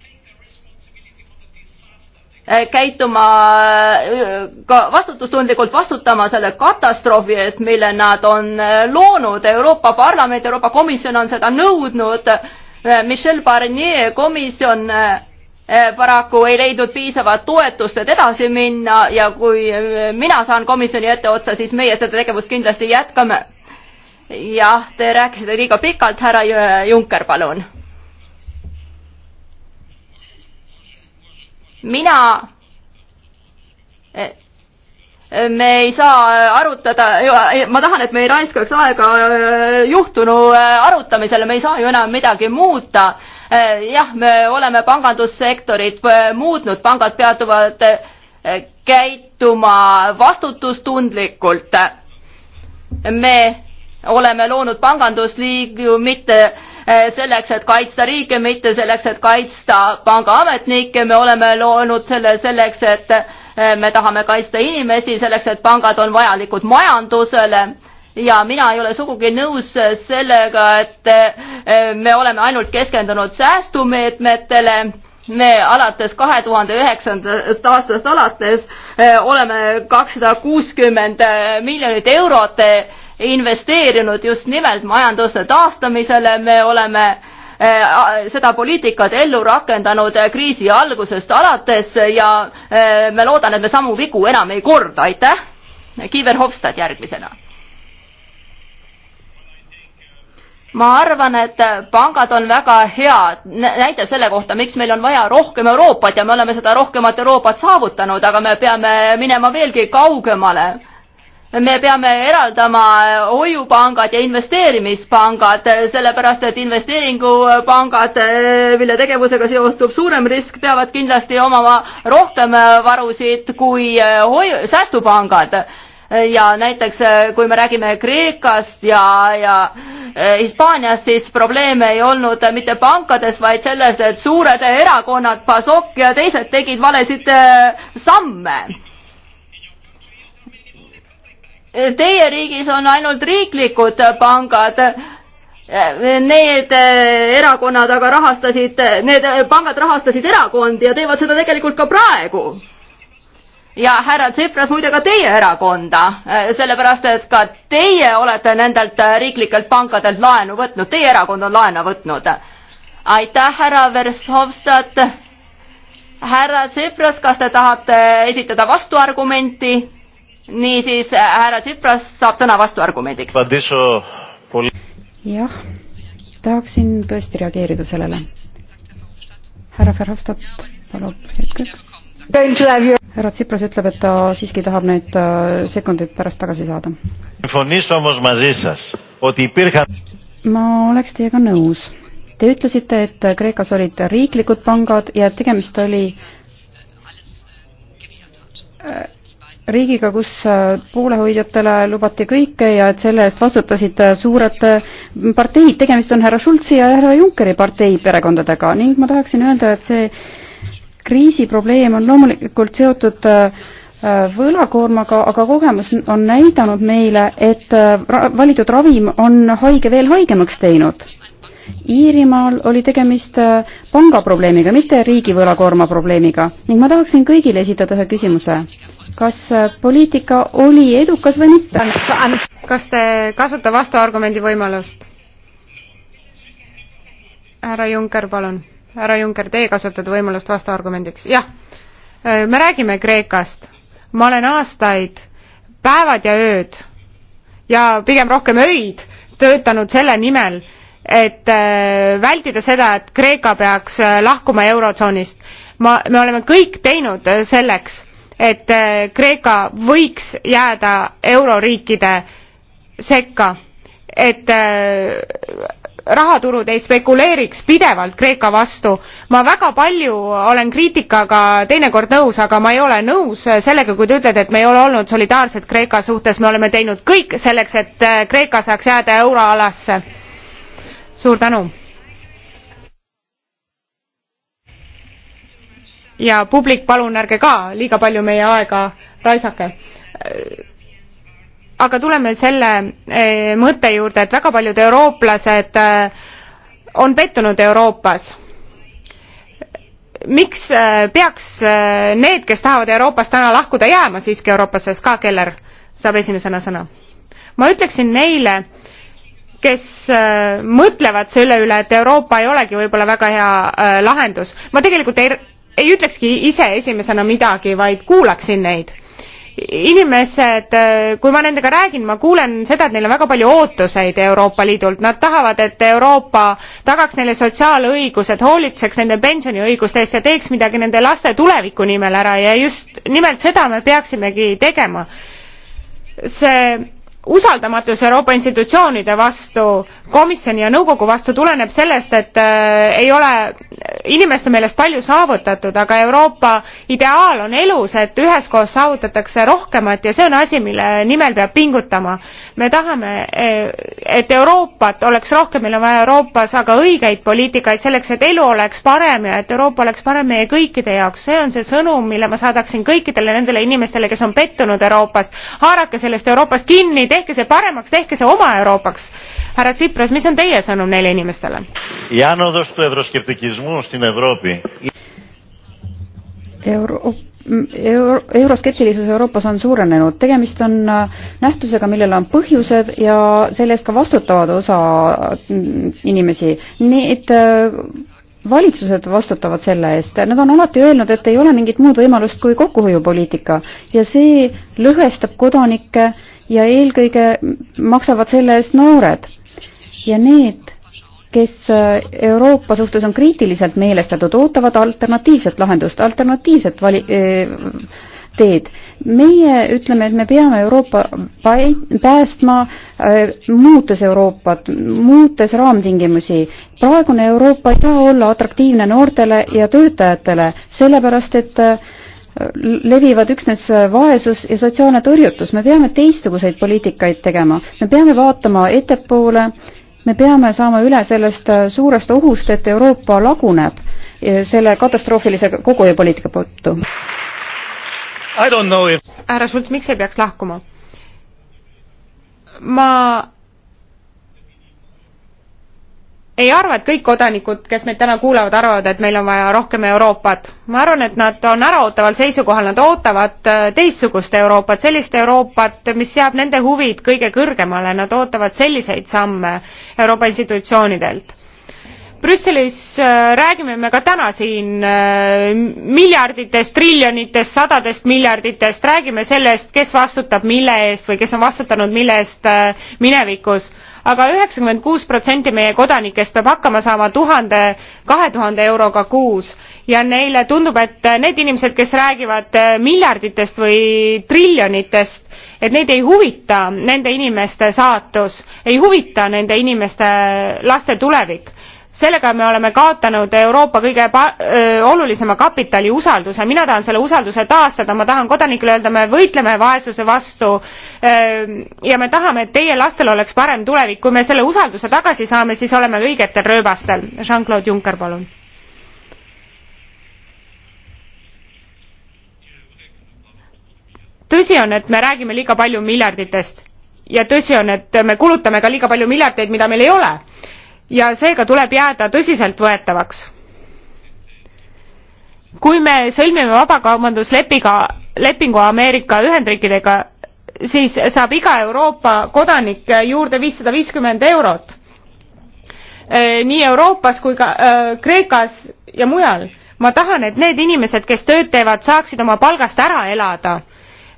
[SPEAKER 4] käituma äh, ka vastutustundlikult vastutama selle katastroofi eest, mille nad on äh, loonud. Euroopa Parlament, Euroopa Komisjon on seda nõudnud. Äh, Michel Barnier komisjon Eh, paraku ei leidnud piisavat toetust, et edasi minna ja kui eh, mina saan komisjoni etteotsa, siis meie seda tegevust kindlasti jätkame. jah, te rääkisite liiga pikalt, härra Junker, palun. mina eh, me ei saa arutada, ma tahan, et me ei raiskaks aega juhtunu arutamisele, me ei saa ju enam midagi muuta Eh, jah, me oleme pangandussektorit eh, muutnud, pangad peatuvad eh, käituma vastutustundlikult. me oleme loonud pangandusliidu mitte selleks, et kaitsta riike, mitte selleks, et kaitsta pangaametnikke, me oleme loonud selle selleks, et me tahame kaitsta inimesi, selleks, et pangad on vajalikud majandusele ja mina ei ole sugugi nõus sellega, et eh, me oleme ainult keskendunud säästumeetmetele me alates kahe tuhande üheksandast aastast alates eh, oleme kakssada kuuskümmend miljonit eurot investeerinud just nimelt majanduse taastamisele, me oleme eh, seda poliitikat ellu rakendanud kriisi algusest alates ja me loodan, et me samu vigu enam ei korda, aitäh. Kiiver Hofstad järgmisena ma arvan, et pangad on väga hea näide selle kohta, miks meil on vaja rohkem Euroopat ja me oleme seda rohkemat Euroopat saavutanud, aga me peame minema veelgi kaugemale. me peame eraldama hoiupangad ja investeerimispangad, sellepärast et investeeringupangad, mille tegevusega seostub suurem risk, peavad kindlasti omama rohkem varusid kui hoiu-, säästupangad ja näiteks eh, kui me räägime Kreekast ja, ja eh, Hispaaniast, siis probleeme ei olnud mitte pankades, vaid selles, et suured erakonnad, PASOK ja teised tegid valesid eh, samme. Teie riigis on ainult riiklikud pangad need erakonnad aga rahastasid, need pangad rahastasid erakondi ja teevad seda tegelikult ka praegu ja härra Tsipras, muide ka teie erakonda, eh, sellepärast et ka teie olete nendelt eh, riiklikelt pankadelt laenu võtnud, teie erakond on laenu võtnud. aitäh, härra Vershovstad. härra Tsipras, kas te tahate esitada vastuargumenti? niisiis, eh, härra Tsipras saab sõna vastuargumendiks.
[SPEAKER 2] jah,
[SPEAKER 3] tahaksin tõesti reageerida sellele. härra Verhofstadt palub hetkeks härra Tsipras ütleb, et ta siiski tahab need äh, sekundid pärast tagasi saada. ma oleks teiega nõus. Te ütlesite, et Kreekas olid riiklikud pangad ja et tegemist oli äh, riigiga, kus äh, poolehoidjatele lubati kõike ja et selle eest vastutasid suured parteid, tegemist on härra Schultzi ja härra Junckeri partei perekondadega ning ma tahaksin öelda, et see kriisiprobleem on loomulikult seotud äh, äh, võlakoormaga, aga kogemus on näidanud meile, et äh, valitud ravim on haige veel haigemaks teinud. Iirimaal oli tegemist pangaprobleemiga, mitte riigi võlakoorma probleemiga ning ma tahaksin kõigile esitada ühe
[SPEAKER 1] küsimuse. kas poliitika oli edukas või mitte? kas te kasuta vastuargumendi võimalust? härra Junker, palun härra Juncker, teie kasutate võimalust vastuargumendiks, jah. Äh, me räägime Kreekast. ma olen aastaid, päevad ja ööd ja pigem rohkem öid töötanud selle nimel, et äh, vältida seda, et Kreeka peaks äh, lahkuma Eurotsoonist. ma, me oleme kõik teinud selleks, et Kreeka võiks jääda euroriikide sekka, et rahaturud ei spekuleeriks pidevalt Kreeka vastu. ma väga palju olen kriitikaga teinekord nõus, aga ma ei ole nõus sellega, kui te ütlete, et me ei ole olnud solidaarsed Kreeka suhtes, me oleme teinud kõik selleks, et äh, Kreeka saaks jääda euroalasse. suur tänu. ja publik, palun ärge ka liiga palju meie aega raisake äh, aga tuleme selle eh, mõtte juurde, et väga paljud eurooplased eh, on pettunud Euroopas. miks eh, peaks need, kes tahavad Euroopast täna lahkuda, jääma siiski Euroopasse, Ska Keller saab esimesena sõna. ma ütleksin neile, kes mõtlevad selle üle, et Euroopa ei olegi võib-olla väga hea lahendus, ma tegelikult ei, ei ütlekski ise esimesena midagi, vaid kuulaksin neid inimesed, kui ma nendega räägin, ma kuulen seda, et neil on väga palju ootuseid Euroopa Liidult, nad tahavad, et Euroopa tagaks neile sotsiaalõigused, hoolitseks nende pensioniõiguste eest ja teeks midagi nende laste tuleviku nimel ära ja just nimelt seda me peaksimegi tegema. see usaldamatus Euroopa institutsioonide vastu, komisjoni ja nõukogu vastu tuleneb sellest, et äh, ei ole inimeste meelest palju saavutatud, aga Euroopa ideaal on elus, et üheskoos saavutatakse rohkemat ja see on asi, mille nimel peab pingutama. me tahame, äh, et Euroopat oleks rohkem, meil on vaja Euroopas aga õigeid poliitikaid selleks, et elu oleks parem ja et Euroopa oleks parem meie kõikide jaoks, see on see sõnum, mille ma saadaksin kõikidele nendele inimestele, kes on pettunud Euroopast. haarake sellest Euroopast kinni, tehke see paremaks, tehke see oma Euroopaks. härra Tsipras, mis on teie sõnum neile inimestele? Euro-, euro,
[SPEAKER 3] euroskeptilisus Euroopas on suurenenud, tegemist on äh, nähtusega, millel on põhjused ja selle eest ka vastutavad osa mm, inimesi. Need äh, valitsused vastutavad selle eest, nad on alati öelnud, et ei ole mingit muud võimalust kui kokkuhoiupoliitika ja see lõhestab kodanikke äh, ja eelkõige maksavad selle eest noored ja need, kes äh, Euroopa suhtes on kriitiliselt meelestatud, ootavad alternatiivset lahendust, alternatiivset vali-, äh, teed. meie ütleme, et me peame Euroopa päästma, äh, muutes Euroopat, muutes raamtingimusi. praegune Euroopa ei saa olla atraktiivne noortele ja töötajatele, sellepärast et äh, levivad üksnes vaesus ja sotsiaalne tõrjutus, me peame teistsuguseid poliitikaid tegema, me peame vaatama ettepoole, me peame saama üle sellest suurest ohust, et Euroopa laguneb selle katastroofilise kogujapoliitika tõttu.
[SPEAKER 1] härra Schultz, miks ei peaks lahkuma? ma ei arva, et kõik kodanikud, kes meid täna kuulavad, arvavad, et meil on vaja rohkem Euroopat. ma arvan, et nad on äraootaval seisukohal, nad ootavad äh, teistsugust Euroopat, sellist Euroopat, mis seab nende huvid kõige kõrgemale, nad ootavad selliseid samme Euroopa institutsioonidelt. Brüsselis äh, räägime me ka täna siin äh, miljarditest, triljonitest, sadadest miljarditest, räägime sellest, kes vastutab mille eest või kes on vastutanud mille eest äh, minevikus aga. aga üheksakümmend kuus protsenti meie kodanikest peab hakkama saama tuhande, kahe tuhande euroga kuus ja neile tundub, et need inimesed, kes räägivad miljarditest või triljonitest, et neid ei huvita nende inimeste saatus, ei huvita nende inimeste laste tulevik sellega me oleme kaotanud Euroopa kõige pa- öö, olulisema kapitali usalduse, mina tahan selle usalduse taastada, ma tahan kodanikele öelda, me võitleme vaesuse vastu öö, ja me tahame, et teie lastel oleks parem tulevik, kui me selle usalduse tagasi saame, siis oleme õigetel rööbastel. Jean-Claude Juncker, palun. tõsi on, et me räägime liiga palju miljarditest ja tõsi on, et me kulutame ka liiga palju miljardeid, mida meil ei ole ja seega tuleb jääda tõsiseltvõetavaks. kui me sõlmime vabakaubanduslepiga, lepingu Ameerika Ühendriikidega, siis saab iga Euroopa kodanik juurde viissada viiskümmend eurot. nii Euroopas kui ka äh, Kreekas ja mujal. ma tahan, et need inimesed, kes tööd teevad, saaksid oma palgast ära elada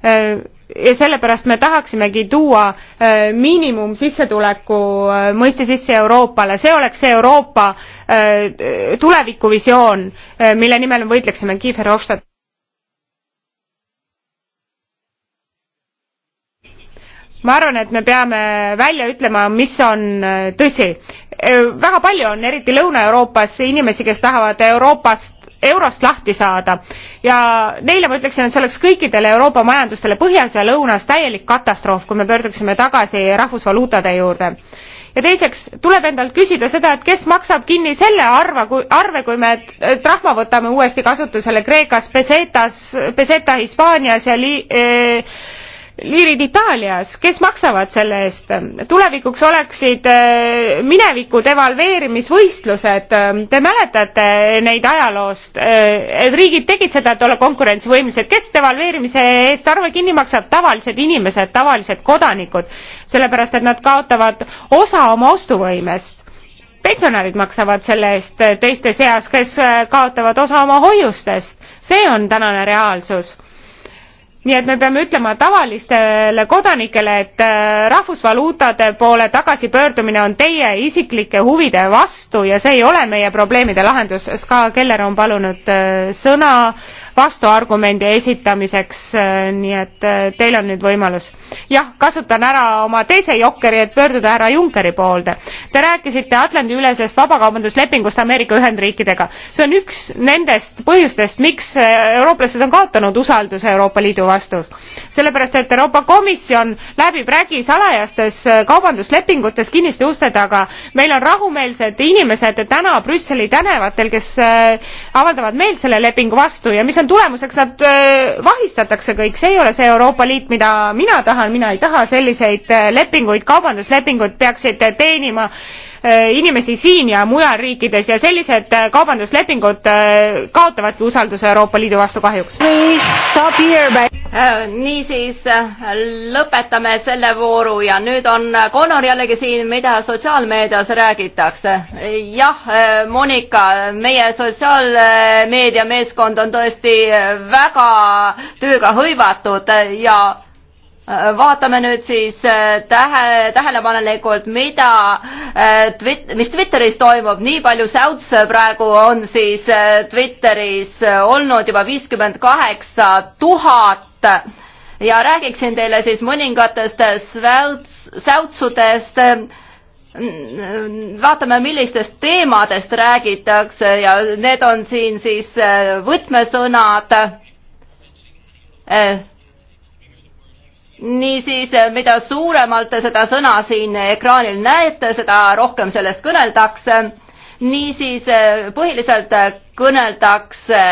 [SPEAKER 1] äh, ja sellepärast me tahaksimegi tuua äh, miinimumsissetuleku äh, mõiste sisse Euroopale, see oleks see Euroopa äh, tulevikuvisioon, mille nimel me võitleksime, Kiefer Hofstadt. ma arvan, et me peame välja ütlema, mis on tõsi. väga palju on, eriti Lõuna-Euroopas, inimesi, kes tahavad Euroopast eurost lahti saada ja neile ma ütleksin, et see oleks kõikidele Euroopa majandustele põhjas ja lõunas täielik katastroof, kui me pöörduksime tagasi rahvusvaluutade juurde ja teiseks tuleb endalt küsida seda, et kes maksab kinni selle arva, kui, arve, kui me trahva võtame uuesti kasutusele Kreekas, Pesetas, Peseta Hispaanias ja li, e, liirid Itaalias, kes maksavad selle eest? tulevikuks oleksid äh, mineviku devalveerimisvõistlused, te mäletate neid ajaloost, äh, et riigid tegid seda, et olla konkurentsivõimelised, kes devalveerimise eest arve kinni maksab, tavalised inimesed, tavalised kodanikud, sellepärast et nad kaotavad osa oma ostuvõimest pensionärid maksavad selle eest teiste seas, kes äh, kaotavad osa oma hoiustest. see on tänane reaalsus nii et me peame ütlema tavalistele kodanikele, et äh, rahvusvaluutade poole tagasipöördumine on teie isiklike huvide vastu ja see ei ole meie probleemide lahendus. Ska Keller on palunud äh, sõna vastuargumendi esitamiseks, äh, nii et äh, teil on nüüd võimalus. jah, kasutan ära oma teise jokkeri, et pöörduda härra Junckeri poolde. Te rääkisite Atlandi-ülesest vabakaubanduslepingust Ameerika Ühendriikidega. see on üks nendest põhjustest, miks äh, eurooplased on kaotanud usalduse Euroopa Liidu vastu. sellepärast, et Euroopa Komisjon läbib rägi salajastes kaubanduslepingutes kinniste uste taga. meil on rahumeelsed inimesed täna Brüsseli tänavatel, kes avaldavad meelt selle lepingu vastu ja mis on on tulemuseks, nad vahistatakse kõik, see ei ole see Euroopa Liit, mida mina tahan, mina ei taha selliseid lepinguid, kaubanduslepingud peaksid teenima äh, Eh, inimesi siin ja mujal riikides ja sellised eh, kaubanduslepingud eh, kaotavadki usalduse Euroopa Liidu vastu kahjuks.
[SPEAKER 4] niisiis lõpetame selle vooru ja nüüd on Connor jällegi siin, mida sotsiaalmeedias räägitakse. jah, Monika, meie sotsiaalmeedia meeskond on tõesti väga tööga hõivatud ja Äh, vaatame nüüd siis äh, tähe, tähelepanelikult, mida äh, twit-, mis Twitteris toimub, nii palju säutse praegu on siis Twitteris olnud juba viiskümmend kaheksa tuhat ja räägiksin teile siis mõningatest säuts-, säutsudest, vaatame, millistest teemadest räägitakse ja need on siin siis võtmesõnad niisiis, eh, mida suuremalt te seda sõna siin ekraanil näete, seda rohkem sellest kõneldakse. niisiis eh, põhiliselt eh, kõneldakse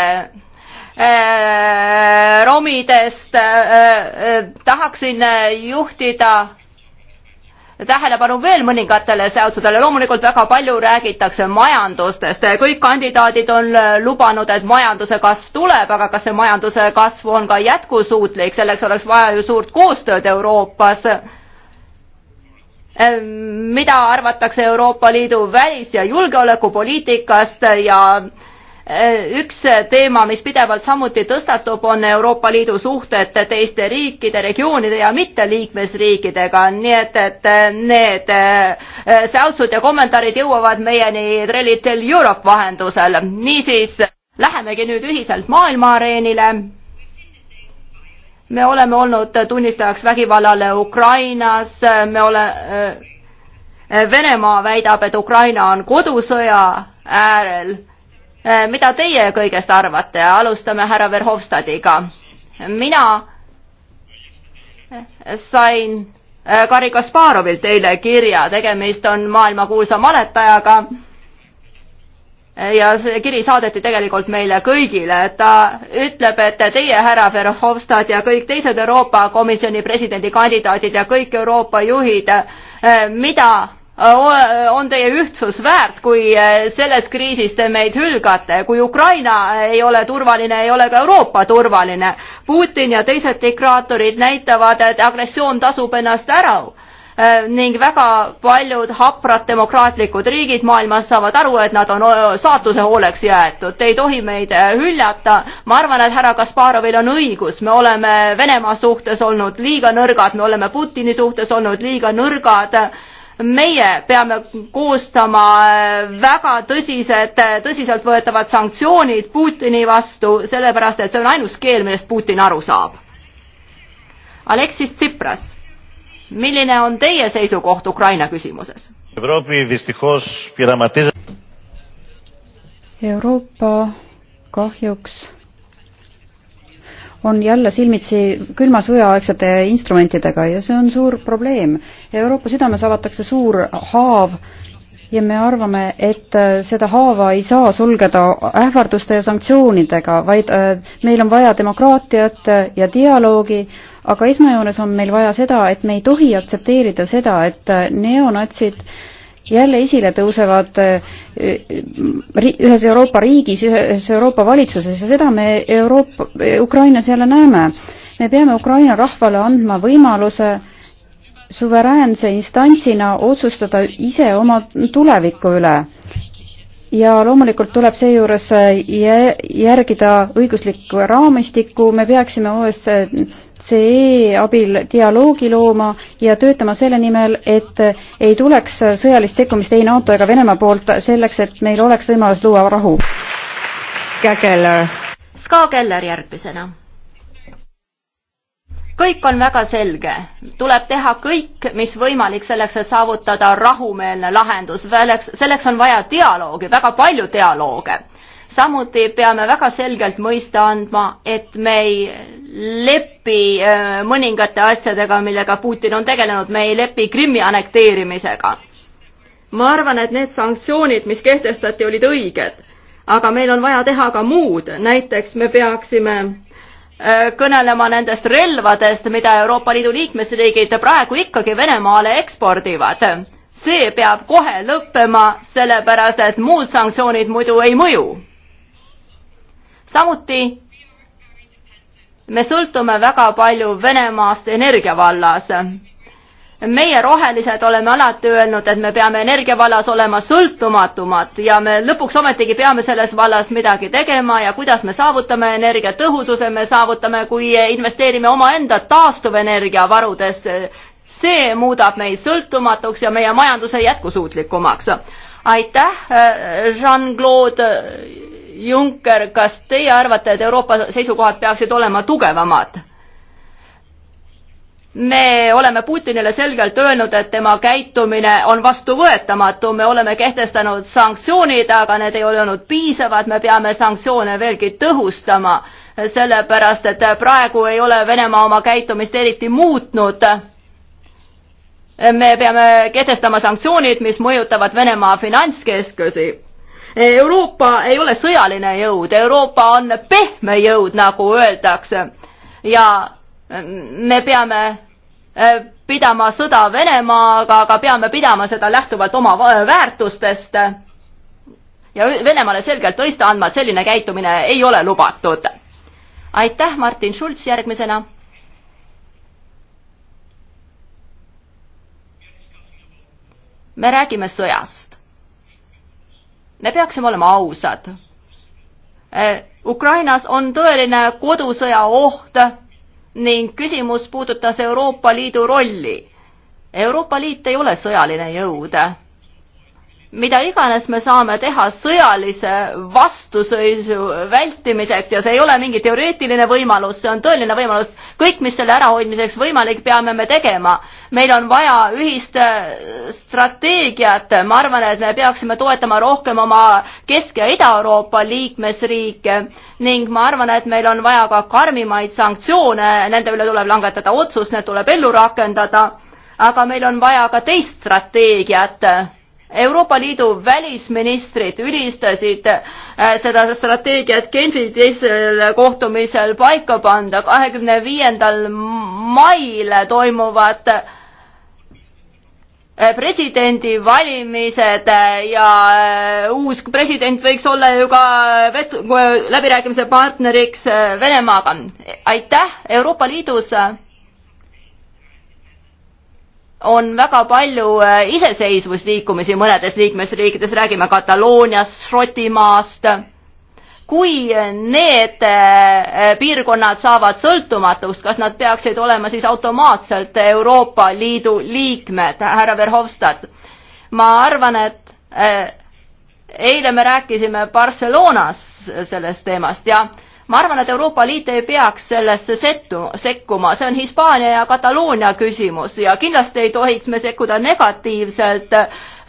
[SPEAKER 4] romidest tahaksin juhtida tähelepanu veel mõningatele seadusedele, loomulikult väga palju räägitakse majandustest, kõik kandidaadid on äh, lubanud, et majanduse kasv tuleb, aga kas see majanduse kasv on ka jätkusuutlik, selleks oleks vaja ju suurt koostööd Euroopas. Äh, mida arvatakse Euroopa Liidu välis- ja julgeolekupoliitikast ja äh, Äh, üks teema, mis pidevalt samuti tõstatub, on Euroopa Liidu suhted teiste riikide, regioonide ja mitteliikmesriikidega, nii et, et äh, need äh, säutsud ja kommentaarid jõuavad meieni Trellitel Europe vahendusel. niisiis lähemegi nüüd ühiselt maailma areenile. me oleme olnud tunnistajaks vägivallale Ukrainas, me ole-, Venemaa väidab, et Ukraina on kodusõja äärel Eh, mida teie kõigest arvate, alustame härra Verhofstadiga. mina sain Garri eh, Kasparovilt eile kirja, tegemist on maailmakuulsa maletajaga. ja see kiri saadeti tegelikult meile kõigile, ta ütleb, et teie, härra Verhofstad ja kõik teised Euroopa Komisjoni presidendikandidaadid ja kõik Euroopa juhid, eh, mida Äh, äh, on teie ühtsus väärt, kui äh, selles kriisis te meid hülgate, kui Ukraina ei ole turvaline, ei ole ka Euroopa turvaline. Putin ja teised diktaatorid näitavad, et agressioon tasub ennast ära ning väga paljud haprad demokraatlikud riigid maailmas saavad aru, et nad on saatuse hooleks jäetud, te ei tohi meid hüljata. ma arvan, et härra Kasparovil on õigus, me oleme Venemaa suhtes olnud liiga nõrgad, me oleme Putini suhtes olnud liiga nõrgad meie peame koostama äh, väga tõsised, äh, tõsiseltvõetavad sanktsioonid Putini vastu, sellepärast et see on ainus keel, millest Putin aru saab. Aleksis Tsipras, milline on teie seisukoht Ukraina küsimuses?
[SPEAKER 3] Euroopa kahjuks on jälle silmitsi külma sõjaaegsete instrumentidega ja see on suur probleem. Euroopa südames avatakse suur haav ja me arvame, et äh, seda haava ei saa sulgeda ähvarduste ja sanktsioonidega, vaid äh, meil on vaja demokraatiat ja dialoogi, aga esmajoones on meil vaja seda, et me ei tohi aktsepteerida seda, et äh, neonatsid äh, jälle esile tõusevad äh, ühes Euroopa riigis, ühes Euroopa valitsuses ja seda me Euroopa, Ukrainas jälle näeme. me peame Ukraina rahvale andma võimaluse suveräänse instantsina otsustada ise oma tuleviku üle ja loomulikult tuleb seejuures järgida õiguslikku raamistikku, me peaksime OSCE OSCE abil dialoogi looma ja töötama selle nimel, et ei tuleks sõjalist sekkumist ei NATO ega Venemaa poolt selleks, et meil oleks võimalus luua rahu. Ska Keller.
[SPEAKER 4] Ska Keller järgmisena kõik on väga selge, tuleb teha kõik, mis võimalik selleks, et saavutada rahumeelne lahendus, selleks on vaja dialoogi, väga palju dialoog samuti peame väga selgelt mõista andma, et me ei lepi äh, mõningate asjadega, millega Putin on tegelenud, me ei lepi Krimmi annekteerimisega. ma arvan, et need sanktsioonid, mis kehtestati, olid õiged, aga meil on vaja teha ka muud, näiteks me peaksime äh, kõnelema nendest relvadest, mida Euroopa Liidu liikmesriigid praegu ikkagi Venemaale ekspordivad. see peab kohe lõppema, sellepärast et muud sanktsioonid muidu ei mõju samuti me sõltume väga palju Venemaast energia vallas. meie rohelised oleme alati öelnud, et me peame energia vallas olema sõltumatumad ja me lõpuks ometigi peame selles vallas midagi tegema ja kuidas me saavutame energiatõhususe, me saavutame, kui investeerime omaenda taastuvenergia varudesse. see muudab meid sõltumatuks ja meie majanduse jätkusuutlikumaks. aitäh, Jean-Claude Juncker, kas teie arvate, et Euroopa seisukohad peaksid olema tugevamad? me oleme Putinile selgelt öelnud, et tema käitumine on vastuvõetamatu, me oleme kehtestanud sanktsioonid, aga need ei ole olnud piisavad, me peame sanktsioone veelgi tõhustama, sellepärast et praegu ei ole Venemaa oma käitumist eriti muutnud. me peame kehtestama sanktsioonid, mis mõjutavad Venemaa finantskeskusi Euroopa ei ole sõjaline jõud, Euroopa on pehme jõud, nagu öeldakse. ja me peame äh, pidama sõda Venemaaga, aga peame pidama seda lähtuvalt oma äh, väärtustest. ja Venemaale selgelt tõista andma, et selline käitumine ei ole lubatud. aitäh, Martin Schulz, järgmisena. me räägime sõjast me peaksime olema ausad. Äh, Ukrainas on tõeline kodusõja oht ning küsimus puudutas Euroopa Liidu rolli. Euroopa Liit ei ole sõjaline jõud mida iganes me saame teha sõjalise vastuseisu vältimiseks ja see ei ole mingi teoreetiline võimalus, see on tõeline võimalus. kõik, mis selle ärahoidmiseks võimalik, peame me tegema. meil on vaja ühist äh, strateegiat, ma arvan, et me peaksime toetama rohkem oma Kesk- ja Ida-Euroopa liikmesriike ning ma arvan, et meil on vaja ka karmimaid sanktsioone, nende üle tuleb langetada otsus, need tuleb ellu rakendada, aga meil on vaja ka teist strateegiat Euroopa Liidu välisministrid ülistasid äh, seda strateegiat Genfi teisel kohtumisel paika panda. kahekümne viiendal mail toimuvad äh, presidendivalimised äh, ja uus president võiks olla ju ka vest-, läbirääkimise partneriks Venemaaga. aitäh, Euroopa Liidus on väga palju äh, iseseisvusliikumisi mõnedes liikmesriikides, räägime Katalooniast, Šotimaast. kui need äh, piirkonnad saavad sõltumatust, kas nad peaksid olema siis automaatselt Euroopa Liidu liikmed, härra Verhofstadt? ma arvan, et äh, eile me rääkisime Barcelonas sellest teemast ja äh, ma arvan, et Euroopa Liit ei peaks sellesse settu, sekkuma, see on Hispaania ja Kataloonia küsimus ja kindlasti ei tohiks me sekkuda negatiivselt äh,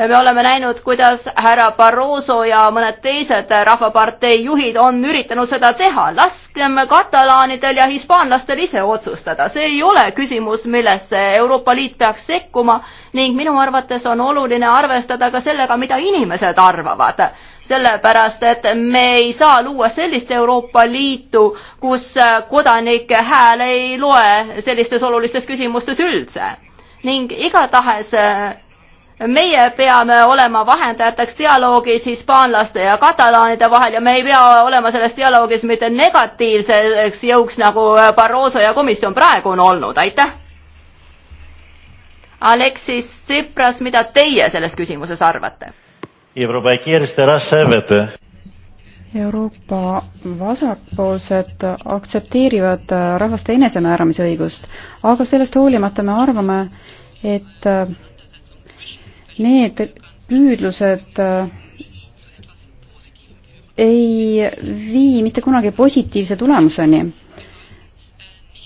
[SPEAKER 4] me oleme näinud, kuidas härra Barroso ja mõned teised Rahvapartei juhid on üritanud seda teha. laskem katalaanidel ja hispaanlastel ise otsustada, see ei ole küsimus, millesse Euroopa Liit peaks sekkuma ning minu arvates on oluline arvestada ka sellega, mida inimesed arvavad. sellepärast, et me ei saa luua sellist Euroopa Liitu, kus kodanike hääl ei loe sellistes olulistes küsimustes üldse ning igatahes meie peame olema vahendajateks dialoogis hispaanlaste ja katalaanide vahel ja me ei pea olema selles dialoogis mitte negatiivseks jõuks, nagu Barroso ja komisjon praegu on olnud, aitäh. Aleksis Tsipras, mida teie selles küsimuses arvate?
[SPEAKER 3] Euroopa vasakpoolsed aktsepteerivad rahvaste enesemääramisõigust, aga sellest hoolimata me arvame, et need püüdlused äh, ei vii mitte kunagi positiivse tulemuseni.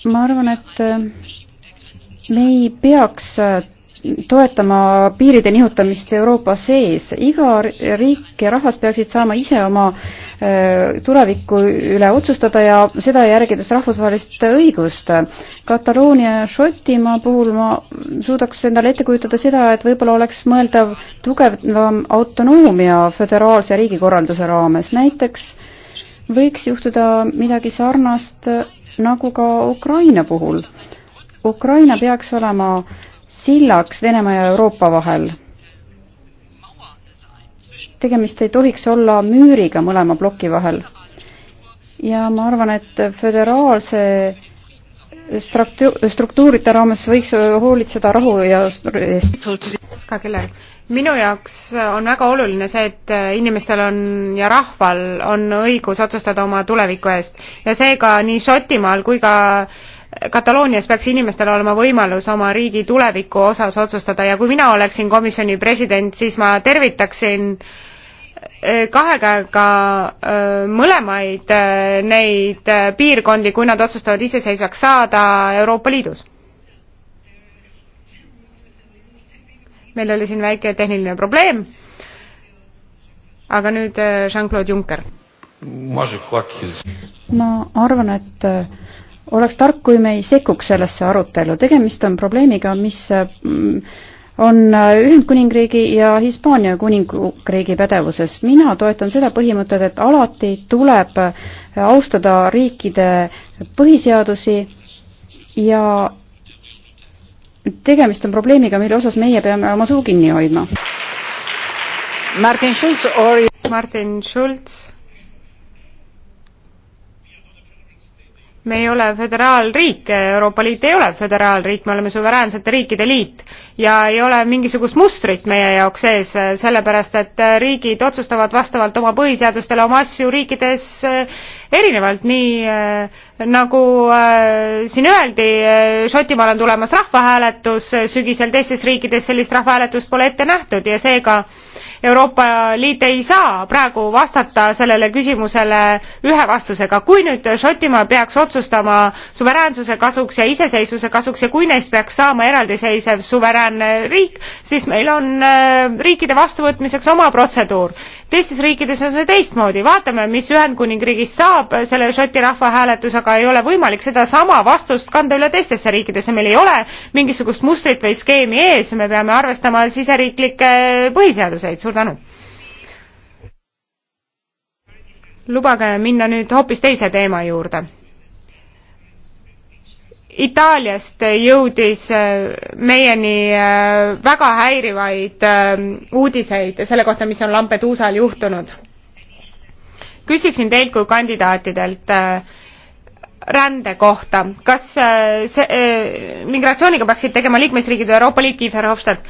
[SPEAKER 3] ma arvan, et äh, me ei peaks äh, toetama piiride nihutamist Euroopa sees, iga riik ja rahvas peaksid saama ise oma äh, Äh, tuleviku üle otsustada ja seda järgides rahvusvahelist õigust. Kataloonia ja Šotimaa puhul ma suudaks endale ette kujutada seda, et võib-olla oleks mõeldav tugevam autonoomia föderaalse riigikorralduse raames, näiteks võiks juhtuda midagi sarnast nagu ka Ukraina puhul. Ukraina peaks olema sillaks Venemaa ja Euroopa vahel tegemist ei tohiks olla müüriga mõlema ploki vahel. ja ma arvan, et föderaalse struktu-, struktuuride raames võiks hoolitseda rahu ja eest.
[SPEAKER 1] minu jaoks on väga oluline see, et inimestel on ja rahval on õigus otsustada oma tuleviku eest ja seega nii Šotimaal kui ka Kataloonias peaks inimestel olema võimalus oma riigi tuleviku osas otsustada ja kui mina oleksin komisjoni president, siis ma tervitaksin äh, kahe käega äh, mõlemaid äh, neid äh, piirkondi, kui nad otsustavad iseseisvaks saada Euroopa Liidus. meil oli siin väike tehniline probleem, aga nüüd Jean-Claude Juncker.
[SPEAKER 3] ma arvan, et oleks tark, kui me ei sekkuks sellesse arutellu, tegemist on probleemiga, mis on äh, Ühendkuningriigi ja Hispaania kuningriigi pädevuses. mina toetan seda põhimõtet, et alati tuleb äh, austada riikide põhiseadusi ja tegemist on probleemiga, mille osas meie peame oma suu kinni hoidma.
[SPEAKER 1] Martin Schulz or Martin Schulz me ei ole föderaalriik, Euroopa Liit ei ole föderaalriik, me oleme suveräänsete riikide liit ja ei ole mingisugust mustrit meie jaoks ees, sellepärast et riigid otsustavad vastavalt oma põhiseadustele oma asju riikides eh, erinevalt, nii eh, nagu eh, siin öeldi, Šotimaal on tulemas rahvahääletus sügisel, teistes riikides sellist rahvahääletust pole ette nähtud ja seega Euroopa Liit ei saa praegu vastata sellele küsimusele ühe vastusega. kui nüüd Šotimaa peaks otsustama suveräänsuse kasuks ja iseseisvuse kasuks ja kui neist peaks saama eraldiseisev suveräänne riik, siis meil on äh, riikide vastuvõtmiseks oma protseduur teistes riikides on see teistmoodi, vaatame, mis Ühendkuningriigis saab selle Šoti rahvahääletusega, ei ole võimalik sedasama vastust kanda üle teistesse riikidesse, meil ei ole mingisugust mustrit või skeemi ees, me peame arvestama siseriiklikke põhiseaduseid, suur tänu! lubage minna nüüd hoopis teise teema juurde Itaaliast jõudis äh, meieni äh, väga häirivaid äh, uudiseid selle kohta, mis on Lampeduusal juhtunud. küsiksin teilt kui kandidaatidelt rände kohta, kas see, migratsiooniga peaksid tegema liikmesriigid või Euroopa Liit, Kiefer Hofstadt?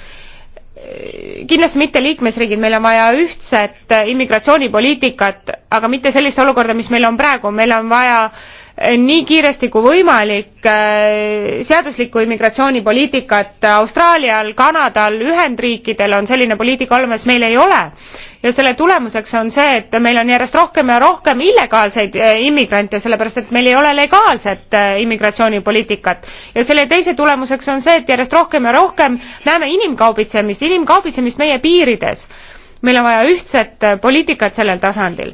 [SPEAKER 1] kindlasti mitte liikmesriigid, meil on vaja ühtset immigratsioonipoliitikat, aga mitte sellist olukorda, mis meil on praegu, meil on vaja äh, nii kiiresti kui võimalik äh, seaduslikku immigratsioonipoliitikat Austraalial, Kanadal, Ühendriikidel on selline poliitika olemas, meil ei ole. ja selle tulemuseks on see, et meil on järjest rohkem ja rohkem illegaalseid äh, immigrante, sellepärast et meil ei ole legaalset äh, immigratsioonipoliitikat. ja selle teise tulemuseks on see, et järjest rohkem ja rohkem näeme inimkaubitsemist, inimkaubitsemist meie piirides. meil on vaja ühtset poliitikat sellel tasandil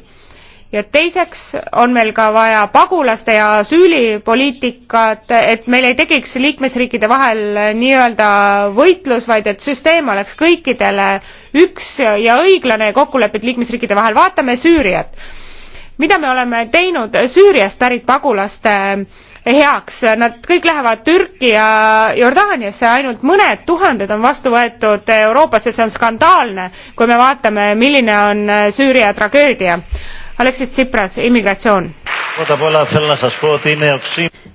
[SPEAKER 1] ja teiseks on meil ka vaja pagulaste ja asüülipoliitikat, et meil ei tekiks liikmesriikide vahel nii-öelda võitlus, vaid et süsteem oleks kõikidele üks ja õiglane ja kokkulepped liikmesriikide vahel. vaatame Süüriat. mida me oleme teinud Süüriast pärit pagulaste heaks, nad kõik lähevad Türki ja Jordaaniasse, ainult mõned tuhanded on vastu võetud Euroopasse, see on skandaalne, kui me vaatame, milline on Süüria tragöödia Aleksis Tsipras, immigratsioon.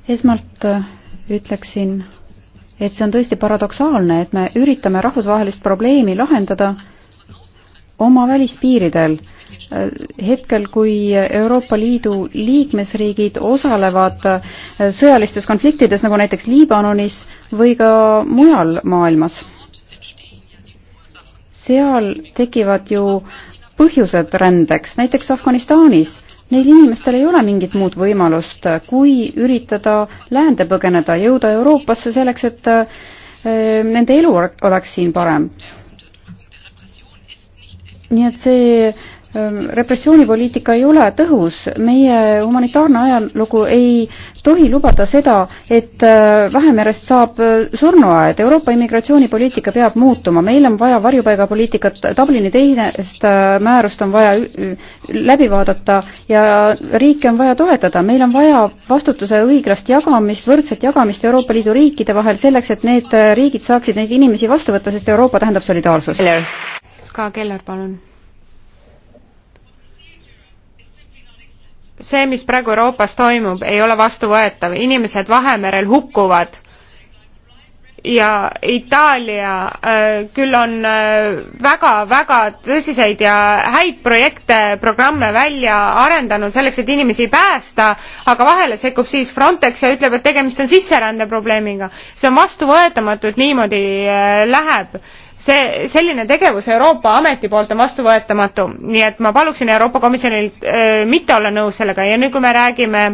[SPEAKER 1] esmalt äh,
[SPEAKER 3] ütleksin, et see on tõesti paradoksaalne, et me üritame rahvusvahelist probleemi lahendada oma välispiiridel äh, hetkel, kui Euroopa Liidu liikmesriigid osalevad äh, sõjalistes konfliktides, nagu näiteks Liibanonis või ka mujal maailmas. seal tekivad ju põhjused rändeks, näiteks Afganistanis. Neil inimestel ei ole mingit muud võimalust, kui üritada läände põgeneda, jõuda Euroopasse selleks, et eh, nende elu oleks siin parem. nii et see Ehm, repressioonipoliitika ei ole tõhus, meie humanitaarne ajalugu ei tohi lubada seda, et äh, Vahemerest saab äh, surnuaed, Euroopa immigratsioonipoliitika peab muutuma, meil on vaja varjupaigapoliitikat, Dublini teisest äh, määrust on vaja läbi vaadata ja riike on vaja toetada, meil on vaja vastutuse õiglast jagamist, võrdset jagamist Euroopa Liidu riikide vahel selleks, et need riigid saaksid neid inimesi vastu võtta, sest Euroopa tähendab solidaarsust.
[SPEAKER 1] Ska Keller, palun see, mis praegu Euroopas toimub, ei ole vastuvõetav, inimesed Vahemerel hukkuvad ja Itaalia äh, küll on väga-väga äh, tõsiseid ja häid projekte, programme välja arendanud selleks, et inimesi päästa, aga vahele sekkub siis Frontex ja ütleb, et tegemist on sisserände probleemiga. see on vastuvõetamatu, et niimoodi äh, läheb see, selline tegevus Euroopa Ameti poolt on vastuvõetamatu, nii et ma paluksin Euroopa Komisjonilt äh, mitte olla nõus sellega ja nüüd, kui me räägime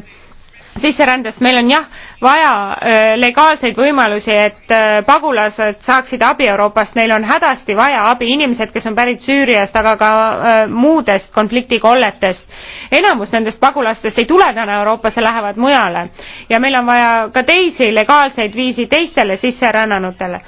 [SPEAKER 1] sisserändest, meil on jah, vaja äh, legaalseid võimalusi, et äh, pagulased saaksid abi Euroopast, neil on hädasti vaja abi, inimesed, kes on pärit Süüriast, aga ka äh, muudest konfliktikolletest. enamus nendest pagulastest ei tule täna Euroopasse, lähevad mujale. ja meil on vaja ka teisi legaalseid viisi teistele sisserännanutele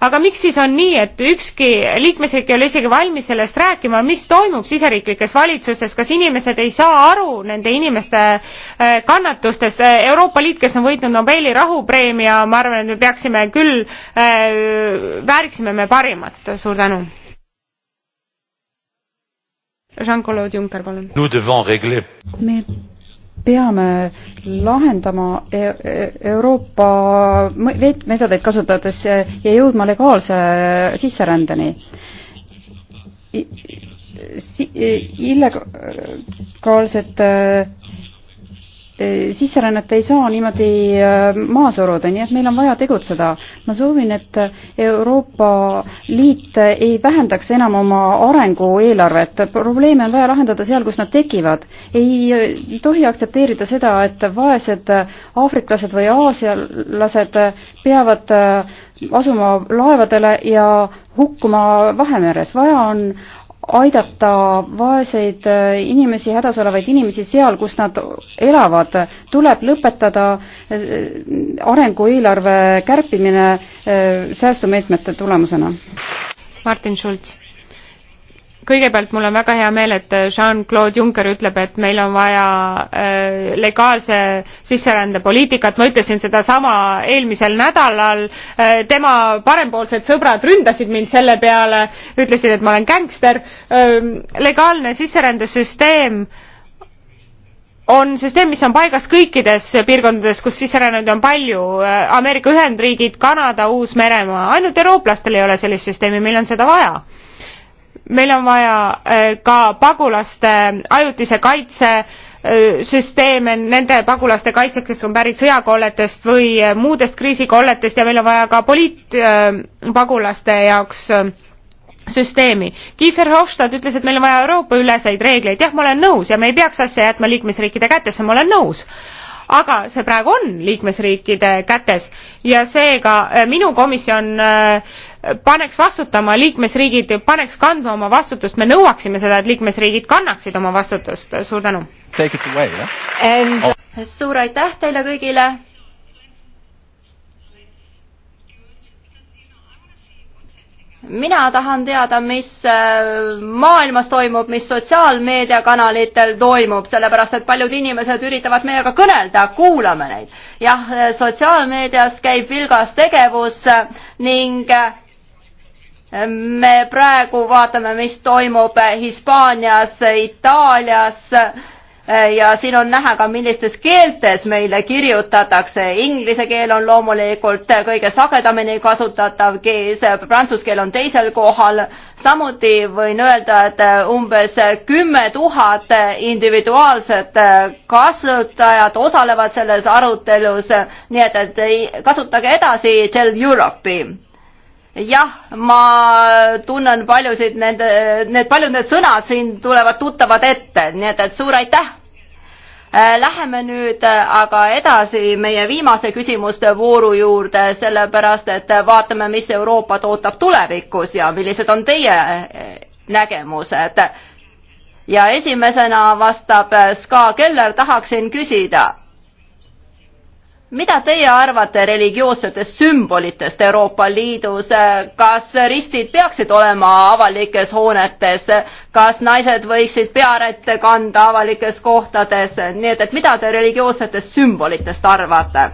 [SPEAKER 1] aga miks siis on nii, et ükski liikmesriik ei ole isegi valmis sellest rääkima, mis toimub siseriiklikes valitsustes, kas inimesed ei saa aru nende inimeste eh, kannatustest, eh, Euroopa Liit, kes on võitnud Nobeli rahupreemia, ma arvan, et me peaksime küll, eh, vääriksime me parimat, suur tänu. Jean-Claude Juncker, palun. me
[SPEAKER 3] peame lahendama e-, e-, Euroopa meetodeid kasutades ja jõudma legaalse sisserändeni. illegaalsete Eh, sisserännet ei saa niimoodi eh, maha suruda, nii et meil on vaja tegutseda. ma soovin, et eh, Euroopa Liit ei vähendaks enam oma arengueelarvet, probleeme on vaja lahendada seal, kus nad tekivad. ei tohi aktsepteerida seda, et vaesed aafriklased või aasialased peavad asuma laevadele ja hukkuma Vahemeres, vaja on aidata vaeseid äh, inimesi, hädas olevaid inimesi seal, kus nad elavad. tuleb lõpetada äh, arengueelarve kärpimine äh, säästumeetmete tulemusena.
[SPEAKER 1] Martin Schulz kõigepealt mul on väga hea meel, et äh, Jean-Claude Juncker ütleb, et meil on vaja äh, legaalse sisserändepoliitikat, ma ütlesin sedasama eelmisel nädalal, äh, tema parempoolsed sõbrad ründasid mind selle peale, ütlesid, et ma olen gängster, ähm, legaalne sisserändesüsteem on süsteem, mis on paigas kõikides piirkondades, kus sisserännanuid on palju, Ameerika Ühendriigid, Kanada, Uus-Meremaa, ainult eurooplastel ei ole sellist süsteemi, meil on seda vaja meil on vaja äh, ka pagulaste ajutise kaitse äh, süsteeme nende pagulaste kaitseks, kes on pärit sõjakolletest või äh, muudest kriisikolletest ja meil on vaja ka poliitpagulaste jaoks süsteemi. Kiefer Hofstad ütles, et meil on vaja Euroopa üleseid reegleid, jah, ma olen nõus ja me ei peaks asja jätma liikmesriikide kätesse, ma olen nõus aga see praegu on liikmesriikide kätes ja seega minu komisjon äh, paneks vastutama liikmesriigid, paneks kandma oma vastutust, me nõuaksime seda, et liikmesriigid kannaksid oma vastutust, suur tänu!
[SPEAKER 2] Yeah? And... Oh.
[SPEAKER 4] suur aitäh teile kõigile! mina tahan teada, mis äh, maailmas toimub, mis sotsiaalmeediakanalitel toimub, sellepärast et paljud inimesed üritavad meiega kõnelda, kuulame neid. jah, sotsiaalmeedias käib vilgas tegevus äh, ning äh, me praegu vaatame, mis toimub Hispaanias, Itaalias ja siin on näha ka, millistes keeltes meile kirjutatakse. Inglise keel on loomulikult kõige sagedamini kasutatav kees, prantsuse keel on teisel kohal. samuti võin öelda, et umbes kümme tuhat individuaalset kasutajat osalevad selles arutelus, nii et, et kasutage edasi Tell Europe'i jah, ma tunnen paljusid nende, need paljud need sõnad siin tulevad tuttavad ette, nii et, et suur aitäh. Äh, läheme nüüd äh, aga edasi meie viimase küsimuste vooru juurde, sellepärast et äh, vaatame, mis Euroopat ootab tulevikus ja millised on teie nägemused. ja esimesena vastab Ska Keller, tahaksin küsida mida teie arvate religioossetest sümbolitest Euroopa Liidus, kas ristid peaksid olema avalikes hoonetes, kas naised võiksid pearätte kanda avalikes kohtades, nii et, et mida te religioossetest sümbolitest arvate?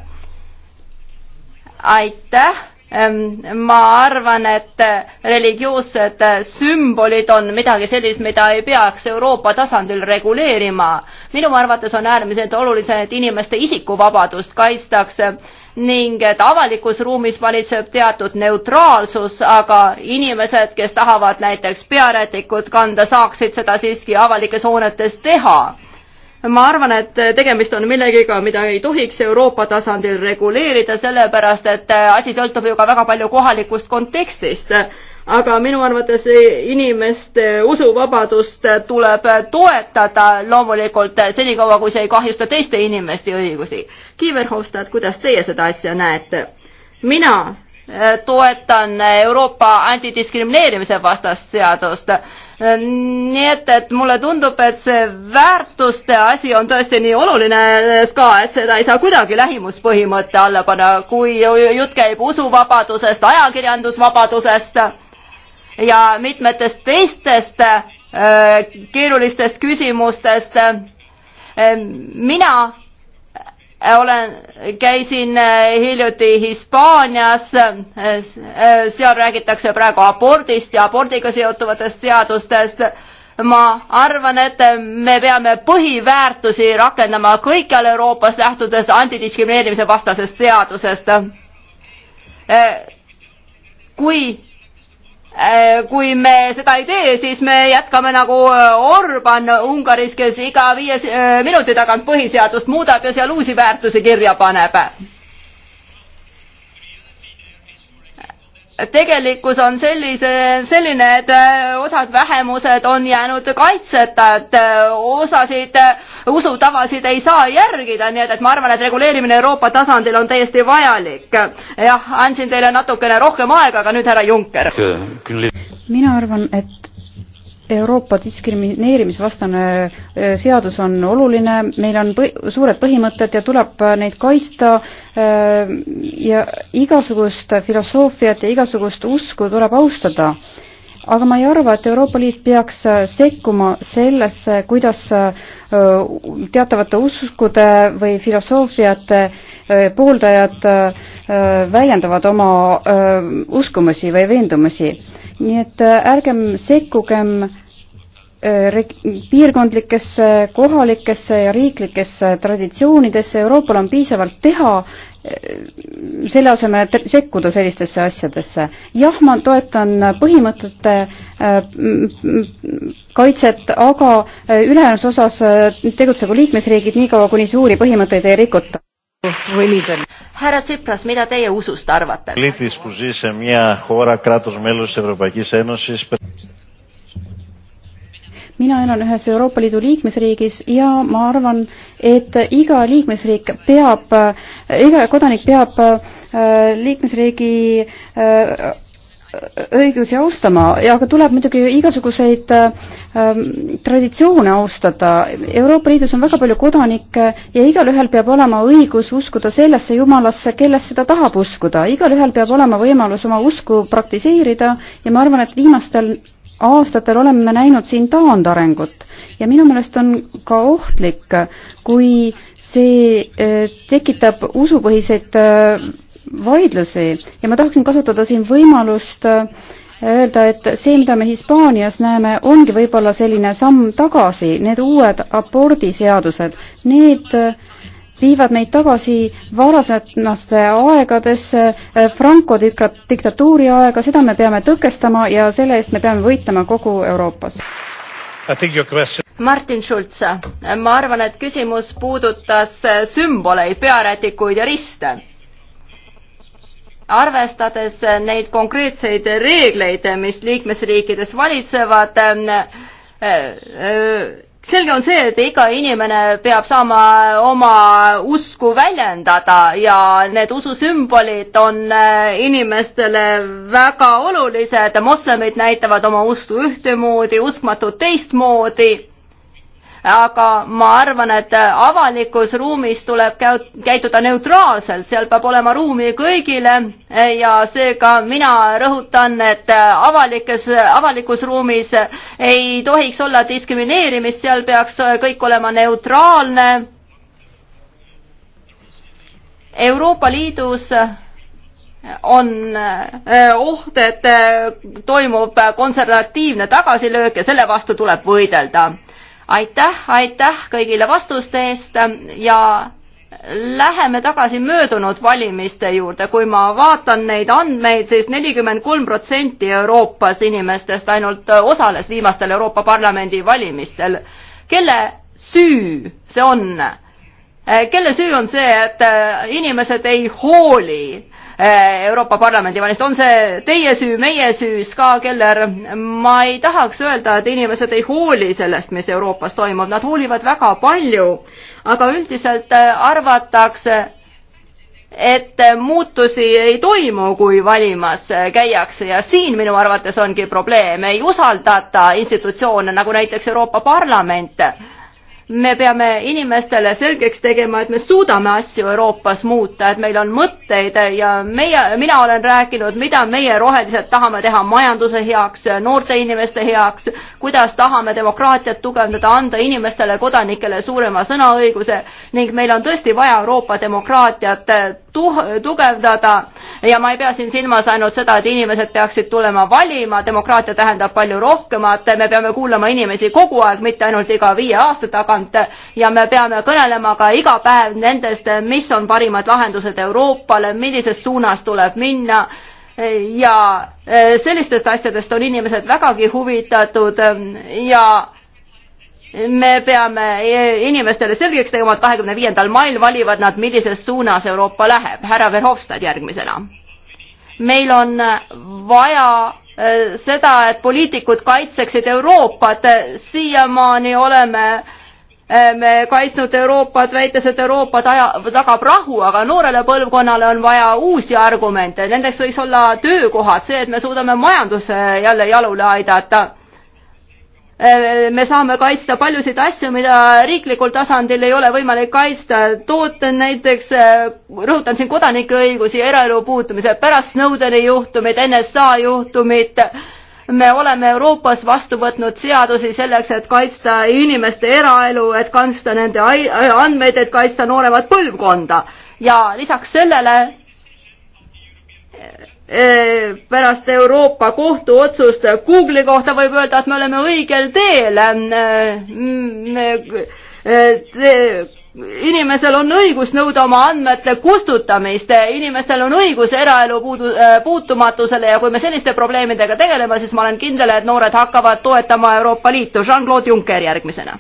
[SPEAKER 4] aitäh Ehm, ma arvan, et religioossed sümbolid on midagi sellist, mida ei peaks Euroopa tasandil reguleerima. minu arvates on äärmiselt oluline, et inimeste isikuvabadust kaitstakse ning et avalikus ruumis valitseb teatud neutraalsus, aga inimesed, kes tahavad näiteks pearätikut kanda, saaksid seda siiski avalikes hoonetes teha ma arvan, et tegemist on millegiga, mida ei tohiks Euroopa tasandil reguleerida, sellepärast et äh, asi sõltub ju ka väga palju kohalikust kontekstist. aga minu arvates inimeste usuvabadust tuleb toetada loomulikult senikaua, kui see ei kahjusta teiste inimeste õigusi. Kiiverhofstad, kuidas teie seda asja näete? mina äh, toetan Euroopa antidiskrimineerimise vastast seadust nii et, et mulle tundub, et see väärtuste asi on tõesti nii oluline ka, et seda ei saa kuidagi lähimuspõhimõtte alla panna, kui jutt käib usuvabadusest, ajakirjandusvabadusest ja mitmetest teistest äh, keerulistest küsimustest. Äh, mina olen, käisin äh, hiljuti Hispaanias, äh, äh, seal räägitakse praegu abordist ja abordiga seotuvatest seadustest. ma arvan, et me peame põhiväärtusi rakendama kõikjal Euroopas, lähtudes antidiskrimineerimise vastasest seadusest. kui Äh, kui me seda ei tee, siis me jätkame nagu äh, Orban Ungaris, kes iga viie äh, minuti tagant põhiseadust muudab ja seal uusi väärtusi kirja paneb tegelikkus on sellise, selline, et äh, osad vähemused on jäänud kaitseta, et äh, osasid äh, usutavasid ei saa järgida, nii et, et ma arvan, et reguleerimine Euroopa tasandil on täiesti vajalik. jah, andsin teile natukene rohkem aega, aga nüüd härra Juncker. mina
[SPEAKER 3] arvan, et Euroopa diskrimineerimisvastane seadus on oluline, meil on põh suured põhimõtted ja tuleb neid kaitsta ja igasugust filosoofiat ja igasugust usku tuleb austada aga ma ei arva, et Euroopa Liit peaks äh, sekkuma sellesse, kuidas äh, teatavate uskude või filosoofiate äh, pooldajad väljendavad oma uskumusi või veendumusi. nii et ärgem sekkugem piirkondlikesse, kohalikesse ja riiklikesse traditsioonidesse, Euroopal on piisavalt teha selle asemel, et sekkuda sellistesse asjadesse. jah, ma toetan põhimõtete äh, kaitset, aga äh, ülejäänus osas äh, tegutsegu liikmesriigid niikaua, kuni suuri põhimõtteid ei rikuta.
[SPEAKER 4] härra Tsipras, mida teie usust arvate?
[SPEAKER 3] mina elan ühes Euroopa Liidu liikmesriigis ja ma arvan, et iga liikmesriik peab, äh, iga kodanik peab äh, liikmesriigi äh, õigusi austama ja aga tuleb muidugi igasuguseid ähm, traditsioone austada. Euroopa Liidus on väga palju kodanikke ja igalühel peab olema õigus uskuda sellesse jumalasse, kellest seda tahab uskuda. igalühel peab olema võimalus oma usku praktiseerida ja ma arvan, et viimastel aastatel oleme me näinud siin taandarengut ja minu meelest on ka ohtlik, kui see eh, tekitab usupõhiseid eh, vaidlusi ja ma tahaksin kasutada siin võimalust eh, öelda, et see, mida me Hispaanias näeme, ongi võib-olla selline samm tagasi, need uued abordiseadused, need äh, viivad meid tagasi varasemasse aegadesse, äh, Franco diktatuuri aega, seda me peame tõkestama ja selle eest me peame võitlema kogu Euroopas.
[SPEAKER 4] Martin Schulz, ma arvan, et küsimus puudutas äh, sümboleid, pearätikuid ja riste. arvestades äh, neid konkreetseid reegleid, mis liikmesriikides valitsevad, selge on see, et iga inimene peab saama oma usku väljendada ja need ususümbolid on äh, inimestele väga olulised, moslemid näitavad oma usku ühtemoodi, uskmatud teistmoodi aga ma arvan, et äh, avalikus ruumis tuleb käituda neutraalselt, seal peab olema ruumi kõigile äh, ja seega mina rõhutan, et äh, avalikes, avalikus ruumis ei tohiks olla diskrimineerimist, seal peaks kõik olema neutraalne. Euroopa Liidus on oht, et toimub konservatiivne tagasilöök ja selle vastu tuleb võidelda aitäh, aitäh kõigile vastuste eest ja läheme tagasi möödunud valimiste juurde, kui ma vaatan neid andmeid siis, siis nelikümmend kolm protsenti Euroopas inimestest ainult osales viimastel Euroopa Parlamendi valimistel. kelle süü see on? kelle süü on see, et inimesed ei hooli Eh, Euroopa Parlamendi valimist, on see teie süü, meie süü, Ska Keller, ma ei tahaks öelda, et inimesed ei hooli sellest, mis Euroopas toimub, nad hoolivad väga palju, aga üldiselt eh, arvatakse, et muutusi ei toimu, kui valimas eh, käiakse ja siin minu arvates ongi probleem, ei usaldata institutsioone nagu näiteks Euroopa Parlament me peame inimestele selgeks tegema, et me suudame asju Euroopas muuta, et meil on mõtteid ja meie, mina olen rääkinud, mida meie rohelised tahame teha majanduse heaks, noorte inimeste heaks, kuidas tahame demokraatiat tugevdada, anda inimestele, kodanikele suurema sõnaõiguse ning meil on tõesti vaja Euroopa demokraatiat tuh, tugevdada ja ma ei pea siin silmas ainult seda, et inimesed peaksid tulema valima, demokraatia tähendab palju rohkemat, me peame kuulama inimesi kogu aeg, mitte ainult iga viie aasta tagant ja me peame kõnelema ka iga päev nendest, mis on parimad lahendused Euroopale, millises suunas tuleb minna ja sellistest asjadest on inimesed vägagi huvitatud ja me peame inimestele selgeks tegema, et kahekümne viiendal mail valivad nad, millises suunas Euroopa läheb. härra Verhofstadt järgmisena. meil on vaja äh, seda, et poliitikud kaitseksid Euroopat, siiamaani oleme äh, me kaitsnud Euroopat, väites, et Euroopa taja, tagab rahu, aga noorele põlvkonnale on vaja uusi argumente, nendeks võiks olla töökohad, see, et me suudame majanduse jälle jalule aidata Äh, me saame kaitsta paljusid asju, mida riiklikul tasandil ei ole võimalik kaitsta. tooten näiteks, äh, rõhutan siin kodanikeõigusi ja eraelu puutumise, pärast Snowdeni juhtumit, NSA juhtumit, me oleme Euroopas vastu võtnud seadusi selleks, et kaitsta inimeste eraelu, et kaitsta nende äh, andmeid, et kaitsta nooremat põlvkonda ja lisaks sellele Äh, pärast Euroopa Kohtu otsust Google'i kohta võib öelda, et me oleme õigel teel. Äh, äh, inimesel on õigus nõuda oma andmete kustutamist, inimestel on õigus eraelu puudu, puutumatusele ja kui me selliste probleemidega tegeleme, siis ma olen kindel, et noored hakkavad toetama Euroopa Liitu. Jean-Claude Juncker järgmisena.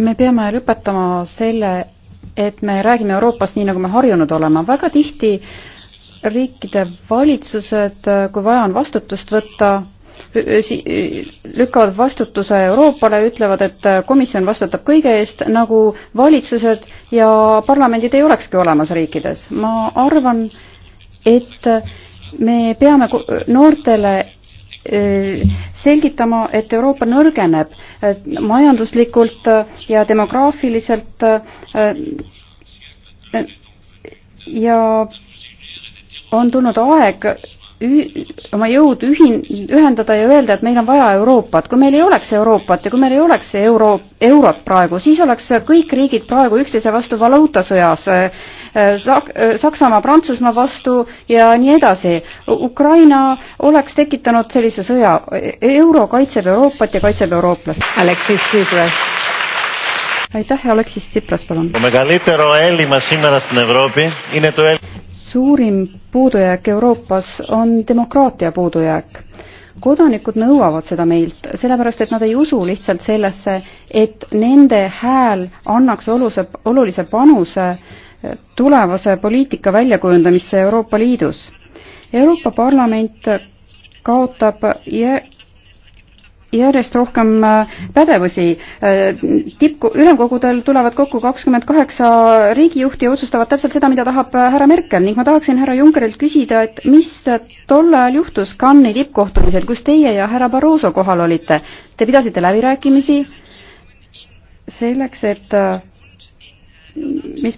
[SPEAKER 3] me peame lõpetama selle et me räägime Euroopast nii, nagu me harjunud oleme, väga tihti riikide valitsused, kui vaja on vastutust võtta, lükkavad vastutuse Euroopale, ütlevad, et komisjon vastutab kõige eest, nagu valitsused ja parlamendid ei olekski olemas riikides. ma arvan, et me peame noortele Äh, selgitama, et Euroopa nõrgeneb majanduslikult äh, ja demograafiliselt äh, ja on tulnud aeg oma jõud ühin-, ühendada ja öelda, et meil on vaja Euroopat. kui meil ei oleks Euroopat ja kui meil ei oleks euro, eurot praegu, siis oleks kõik riigid praegu üksteise vastu valuutasõjas Äh, äh, Saksamaa, Prantsusmaa vastu ja nii edasi. Ukraina oleks tekitanud sellise sõja. euro kaitseb Euroopat ja kaitseb eurooplast. Aleksis Tsipras. aitäh ja Aleksis Tsipras, palun. suurim puudujääk Euroopas on demokraatia puudujääk kodanikud nõuavad seda meilt, sellepärast et nad ei usu lihtsalt sellesse, et nende hääl annaks oluse, olulise panuse äh, tulevase poliitika väljakujundamisse Euroopa Liidus. Euroopa Parlament kaotab järjest rohkem äh, pädevusi. Äh, tipp, ülemkogudel tulevad kokku kakskümmend kaheksa riigijuhti ja otsustavad täpselt seda, mida tahab äh, härra Merkel ning ma tahaksin härra Junckerilt küsida, et mis tol ajal juhtus Cannes'i tippkohtumisel, kus teie ja härra Barroso kohal olite? Te pidasite läbirääkimisi selleks, et mis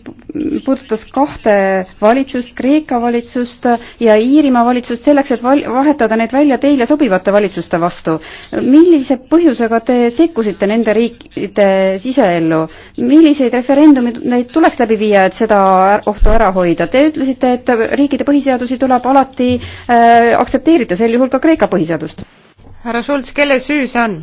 [SPEAKER 3] puudutas kahte valitsust, Kreeka valitsust ja Iirimaa valitsust, selleks, et val-, vahetada need välja teile sobivate valitsuste vastu. millise põhjusega te sekkusite nende riikide siseellu? milliseid referendumeid neid tuleks läbi viia, et seda ohtu ära hoida? Te ütlesite, et riikide põhiseadusi tuleb alati äh, aktsepteerida, sel juhul ka Kreeka põhiseadust.
[SPEAKER 1] härra Schulz, kelle süü see on?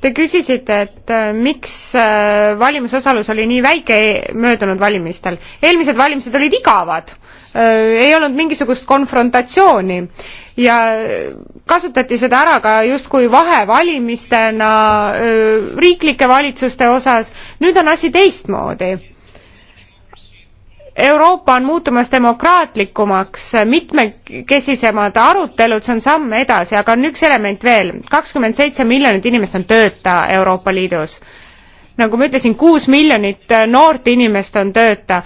[SPEAKER 1] Te küsisite, et äh, miks äh, valimisosalus oli nii väike möödunud valimistel. eelmised valimised olid igavad, äh, ei olnud mingisugust konfrontatsiooni ja kasutati seda ära ka justkui vahevalimistena riiklike valitsuste osas, nüüd on asi teistmoodi Euroopa on muutumas demokraatlikumaks, mitmekesisemad arutelud, see on samm edasi, aga on üks element veel, kakskümmend seitse miljonit inimest on tööta Euroopa Liidus. nagu ma ütlesin, kuus miljonit noort inimest on tööta.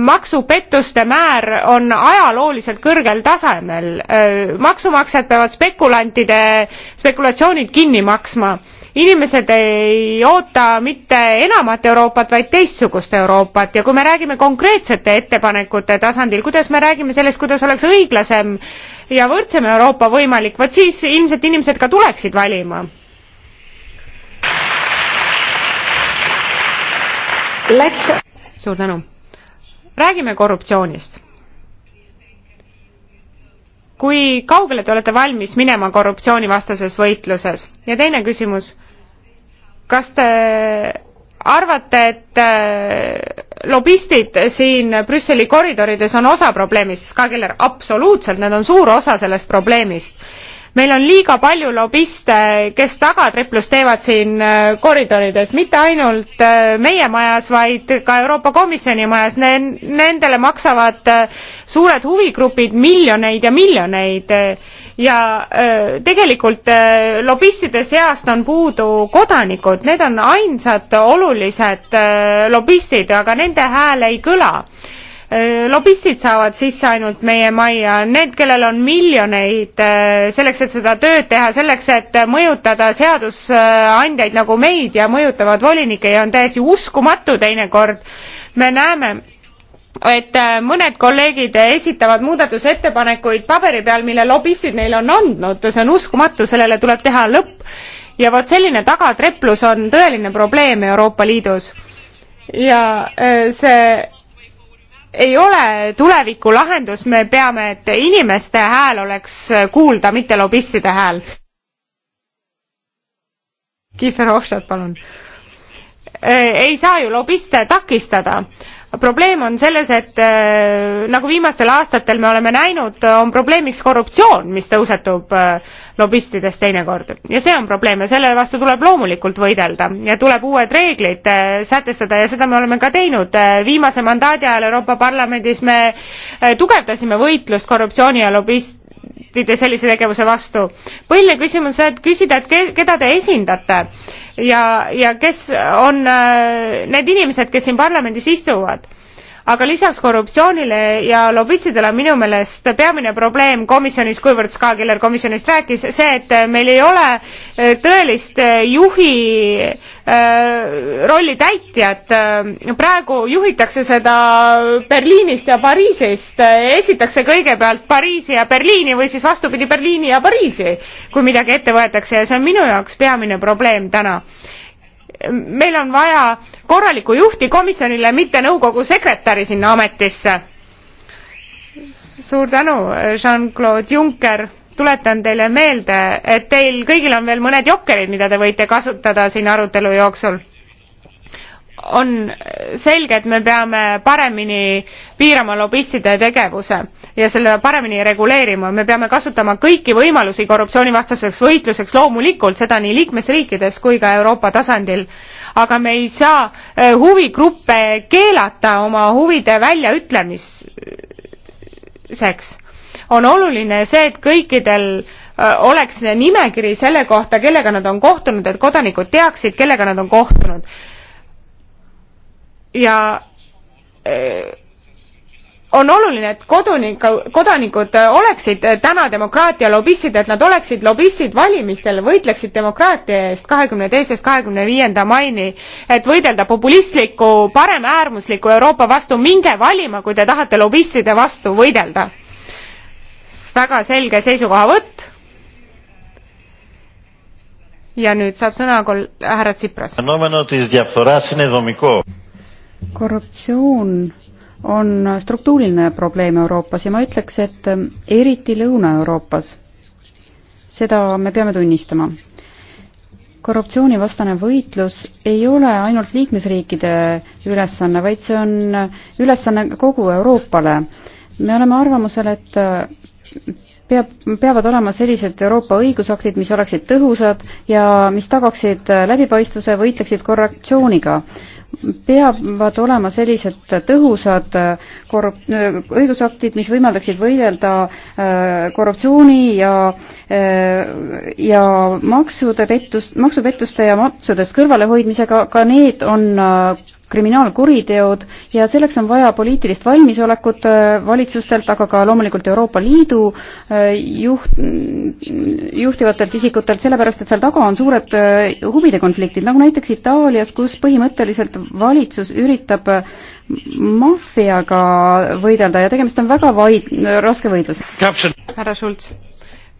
[SPEAKER 1] maksupettuste määr on ajalooliselt kõrgel tasemel, maksumaksjad peavad spekulantide spekulatsioonid kinni maksma inimesed ei oota mitte enamat Euroopat, vaid teistsugust Euroopat ja kui me räägime konkreetsete ettepanekute tasandil, kuidas me räägime sellest, kuidas oleks õiglasem ja võrdsem Euroopa võimalik, vot siis ilmselt inimesed ka tuleksid valima. Läks. suur tänu. räägime korruptsioonist kui kaugele te olete valmis minema korruptsioonivastases võitluses? ja teine küsimus, kas te arvate, et äh, lobistid siin Brüsseli koridorides on osa probleemist, Ska Keller, absoluutselt, nad on suur osa sellest probleemist meil on liiga palju lobiste, kes tagatriplust teevad siin äh, koridorides, mitte ainult äh, meie majas, vaid ka Euroopa Komisjoni majas ne, nendele maksavad äh, suured huvigrupid miljoneid ja miljoneid ja tegelikult lobistide seast on puudu kodanikud, need on ainsad olulised lobistid, aga nende hääl ei kõla Äh, lobistid saavad sisse ainult meie majja, need, kellel on miljoneid äh, selleks, et seda tööd teha, selleks, et äh, mõjutada seadusandjaid nagu meid ja mõjutavad volinikke ja on täiesti uskumatu teinekord, me näeme, et mõned kolleegid esitavad muudatusettepanekuid paberi peal, mille lobistid neile on andnud, see on uskumatu, sellele tuleb teha lõpp. ja vot selline tagatreplus on tõeline probleem Euroopa Liidus ja see ei ole tulevikulahendus, me peame, et inimeste hääl oleks kuulda, mitte lobistide hääl. Kiefer Hofstadt, palun Äh, ei saa ju lobiste takistada probleem on selles, et äh, nagu viimastel aastatel me oleme näinud, on probleemiks korruptsioon, mis tõusetub äh, lobistidest teinekord. ja see on probleem ja selle vastu tuleb loomulikult võidelda ja tuleb uued reeglid äh, sätestada ja seda me oleme ka teinud. Äh, viimase mandaadi ajal Euroopa Parlamendis me äh, tugevdasime võitlust korruptsiooni ja lobist-, demonstreerida sellise tegevuse vastu. põhiline küsimus on küsida, et keda te esindate ja, ja kes on äh, need inimesed, kes siin parlamendis istuvad aga lisaks korruptsioonile ja lobistidele on minu meelest peamine probleem komisjonis, kuivõrd Ska Killer komisjonist rääkis, see, et meil ei ole eh, tõelist eh, juhi eh, rolli täitjat. praegu juhitakse seda Berliinist ja Pariisist, esitakse kõigepealt Pariisi ja Berliini või siis vastupidi, Berliini ja Pariisi, kui midagi ette võetakse ja see on minu jaoks peamine probleem täna meil on vaja korralikku juhti komisjonile, mitte nõukogu sekretäri sinna ametisse. suur tänu, Jean-Claude Juncker, tuletan teile meelde, et teil kõigil on veel mõned jokkerid, mida te võite kasutada siin arutelu jooksul on selge, et me peame paremini piirama lobistide tegevuse ja selle paremini reguleerima, me peame kasutama kõiki võimalusi korruptsioonivastaseks võitluseks, loomulikult seda nii liikmesriikides kui ka Euroopa tasandil. aga me ei saa eh, huvigruppe keelata oma huvide väljaütlemiseks. on oluline see, et kõikidel eh, oleks nimekiri selle kohta, kellega nad on kohtunud, et kodanikud teaksid, kellega nad on kohtunud ja eh, on oluline, et kodunik, kodanikud eh, oleksid eh, täna demokraatia lobistid, et nad oleksid lobistid valimistel, võitleksid demokraatia eest kahekümne teisest kahekümne viienda maini, et võidelda populistliku, paremäärmusliku Euroopa vastu, minge valima, kui te tahate lobistide vastu võidelda. väga selge seisukohavõtt. ja nüüd saab sõna kol-, härra Tsipras korruptsioon
[SPEAKER 3] on struktuuriline probleem Euroopas ja ma ütleks, et eriti Lõuna-Euroopas. seda me peame tunnistama. korruptsioonivastane võitlus ei ole ainult liikmesriikide ülesanne, vaid see on ülesanne kogu Euroopale. me oleme arvamusel, et peab, peavad olema sellised Euroopa õigusaktid, mis oleksid tõhusad ja mis tagaksid läbipaistvuse, võitleksid korruptsiooniga peavad olema sellised tõhusad korrup-, õigusaktid, mis võimaldaksid võidelda äh, korruptsiooni ja äh, ja maksude pettust, maksupettuste ja maksudest kõrvalehoidmisega, ka need on äh, kriminaalkuriteod ja selleks on vaja poliitilist valmisolekut äh, valitsustelt, aga ka loomulikult Euroopa Liidu äh, juht, juhtivatelt isikutelt, sellepärast et seal taga on suured äh, huvide konfliktid, nagu näiteks Itaalias, kus põhimõtteliselt valitsus üritab maffiaga võidelda ja tegemist on väga vaid-, raske
[SPEAKER 1] võidlusega. härra Schulz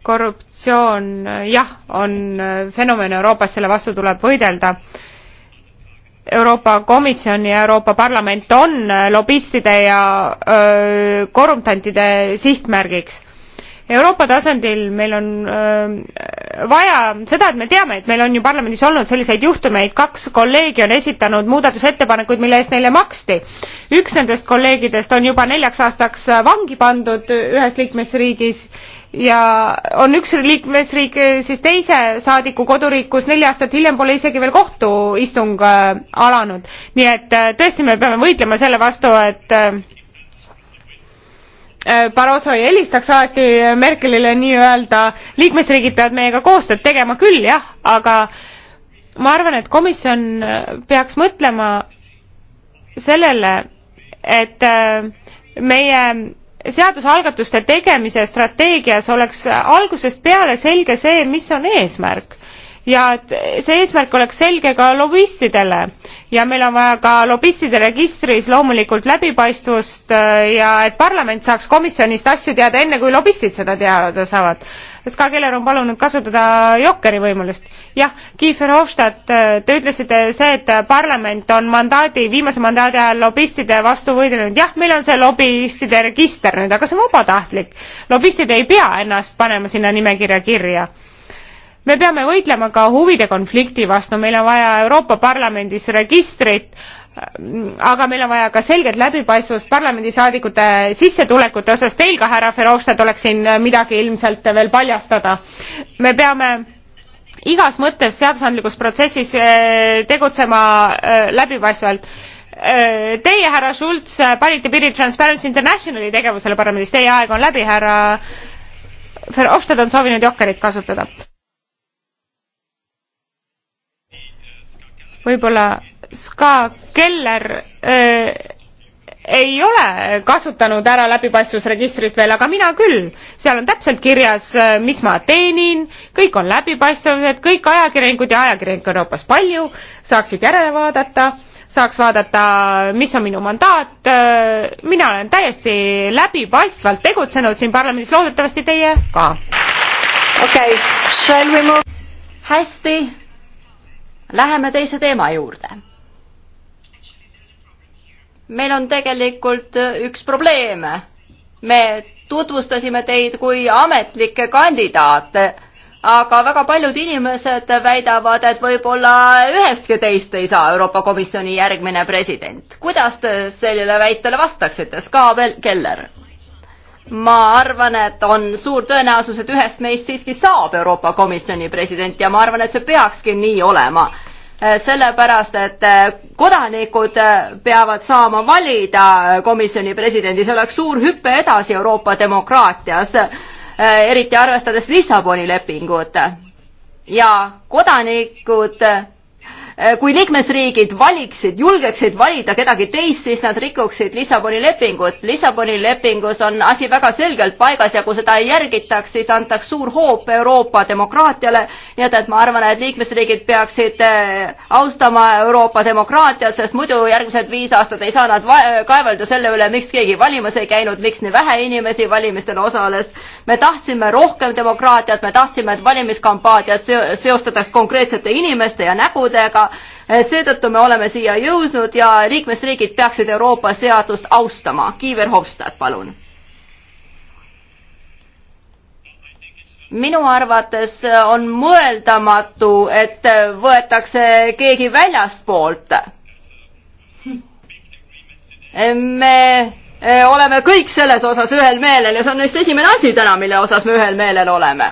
[SPEAKER 1] korruptsioon jah, on fenomen Euroopas, selle vastu tuleb võidelda Euroopa Komisjon ja Euroopa Parlament on äh, lobistide ja öö, korruptantide sihtmärgiks. Euroopa tasandil meil on öö, vaja seda, et me teame, et meil on ju parlamendis olnud selliseid juhtumeid, kaks kolleegi on esitanud muudatusettepanekuid, mille eest neile maksti. üks nendest kolleegidest on juba neljaks aastaks vangi pandud ühes liikmesriigis ja on üks liikmesriik siis teise saadiku koduriik, kus neli aastat hiljem pole isegi veel kohtuistung äh, alanud. nii et äh, tõesti, me peame võitlema selle vastu, et äh, Barroso ei helistaks alati Merkelile nii-öelda, liikmesriigid peavad meiega koostööd tegema küll jah, aga ma arvan, et komisjon peaks mõtlema sellele, et meie seadusalgatuste tegemise strateegias oleks algusest peale selge see, mis on eesmärk ja et see eesmärk oleks selge ka lobistidele ja meil on vaja ka lobistide registris loomulikult läbipaistvust äh, ja et parlament saaks komisjonist asju teada enne, kui lobistid seda teada saavad. Ska Keller on palunud kasutada jokkeri võimalust. jah, Kiefer Hofstadt, te ütlesite see, et parlament on mandaadi, viimase mandaadi ajal lobistide vastu võidelnud. jah, meil on see lobistide register nüüd, aga see on vabatahtlik. lobistid ei pea ennast panema sinna nimekirja kirja me peame võitlema ka huvide konflikti vastu, meil on vaja Euroopa Parlamendis registrit äh, aga meil on vaja ka selget läbipaistvust parlamendisaadikute sissetulekute osas. Teil ka, härra Verhofstadt, oleks siin midagi ilmselt veel paljastada. me peame igas mõttes seadusandlikus protsessis äh, tegutsema äh, läbipaistvalt. Äh, teie, härra Schulz, panite piiri Transparency Internationali tegevusele parlamendis, teie aeg on läbi, härra Verhofstadt on soovinud jokkerit kasutada võib-olla Ska Keller äh, ei ole kasutanud ära läbipaistvusregistrit veel, aga mina küll. seal on täpselt kirjas, äh, mis ma teenin, kõik on läbipaistvused, kõik ajakirjanikud ja ajakirjanikke on Euroopas palju, saaksid järele vaadata, saaks vaadata, mis on minu mandaat. Äh, mina olen täiesti läbipaistvalt tegutsenud siin parlamendis, loodetavasti teie ka.
[SPEAKER 4] okei okay., shall we move? hästi Läheme teise teema juurde. meil on tegelikult äh, üks probleem. me tutvustasime teid kui ametlikke kandidaate, aga väga paljud inimesed väidavad, et võib-olla ühestki teist ei saa Euroopa Komisjoni järgmine president. kuidas te sellele väitele vastaksite, Ska Keller? ma arvan, et on suur tõenäosus, et ühest meist siiski saab Euroopa Komisjoni president ja ma arvan, et see peakski nii olema. Eh, sellepärast, et eh, kodanikud eh, peavad saama valida komisjoni presidendi, see oleks suur hüpe edasi Euroopa demokraatias, eriti arvestades Lissaboni lepingut. ja kodanikud Eh, kui liikmesriigid valiksid, julgeksid valida kedagi teist, siis nad rikuksid Lissaboni lepingut. Lissaboni lepingus on asi väga selgelt paigas ja kui seda ei järgitaks, siis antaks suur hoop Euroopa demokraatiale. nii et, et ma arvan, et liikmesriigid peaksid eh, austama Euroopa demokraatiat, sest muidu järgmised viis aastat ei saa nad kaevelda selle üle, miks keegi valimas ei käinud, miks nii vähe inimesi valimistel osales. me tahtsime rohkem demokraatiat, me tahtsime, et valimiskampaaniat seostataks konkreetsete inimeste ja nägudega, ja seetõttu me oleme siia jõudnud ja liikmesriigid peaksid Euroopa seadust austama. Kiiver Hofstad, palun. minu arvates on mõeldamatu, et võetakse keegi väljastpoolt. me oleme kõik selles osas ühel meelel ja see on vist esimene asi täna, mille osas me ühel meelel oleme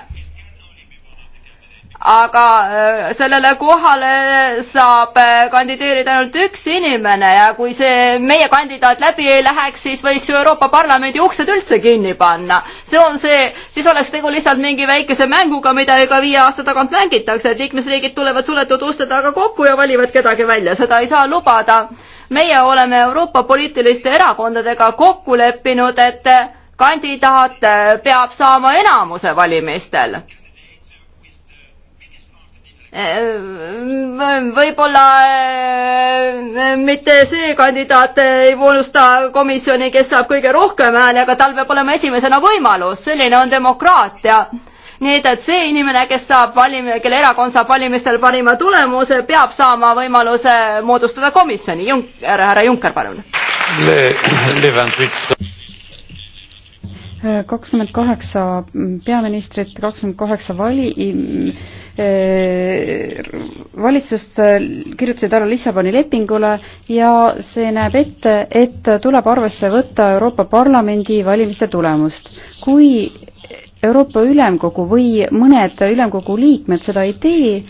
[SPEAKER 4] aga äh, sellele kohale saab äh, kandideerida ainult üks inimene ja kui see meie kandidaat läbi ei läheks, siis võiks ju Euroopa Parlamendi uksed üldse kinni panna. see on see, siis oleks tegu lihtsalt mingi väikese mänguga, mida iga viie aasta tagant mängitakse, et liikmesriigid tulevad suletud uste taga kokku ja valivad kedagi välja, seda ei saa lubada. meie oleme Euroopa poliitiliste erakondadega kokku leppinud, et kandidaat äh, peab saama enamuse valimistel Äh, võib-olla äh, mitte see kandidaat ei moodusta komisjoni, kes saab kõige rohkem hääli, aga tal peab olema esimesena võimalus, selline on demokraatia nii et, et see inimene, kes saab valim-, kelle erakond saab valimistel parima tulemuse, peab saama võimaluse moodustada komisjoni. Junk-, härra Junker, palun
[SPEAKER 3] kakskümmend kaheksa peaministrit, kakskümmend kaheksa vali-, valitsust kirjutasid alla Lissaboni lepingule ja see näeb ette, et tuleb arvesse võtta Euroopa Parlamendi valimiste tulemust. kui Euroopa Ülemkogu või mõned ülemkogu liikmed seda ei tee,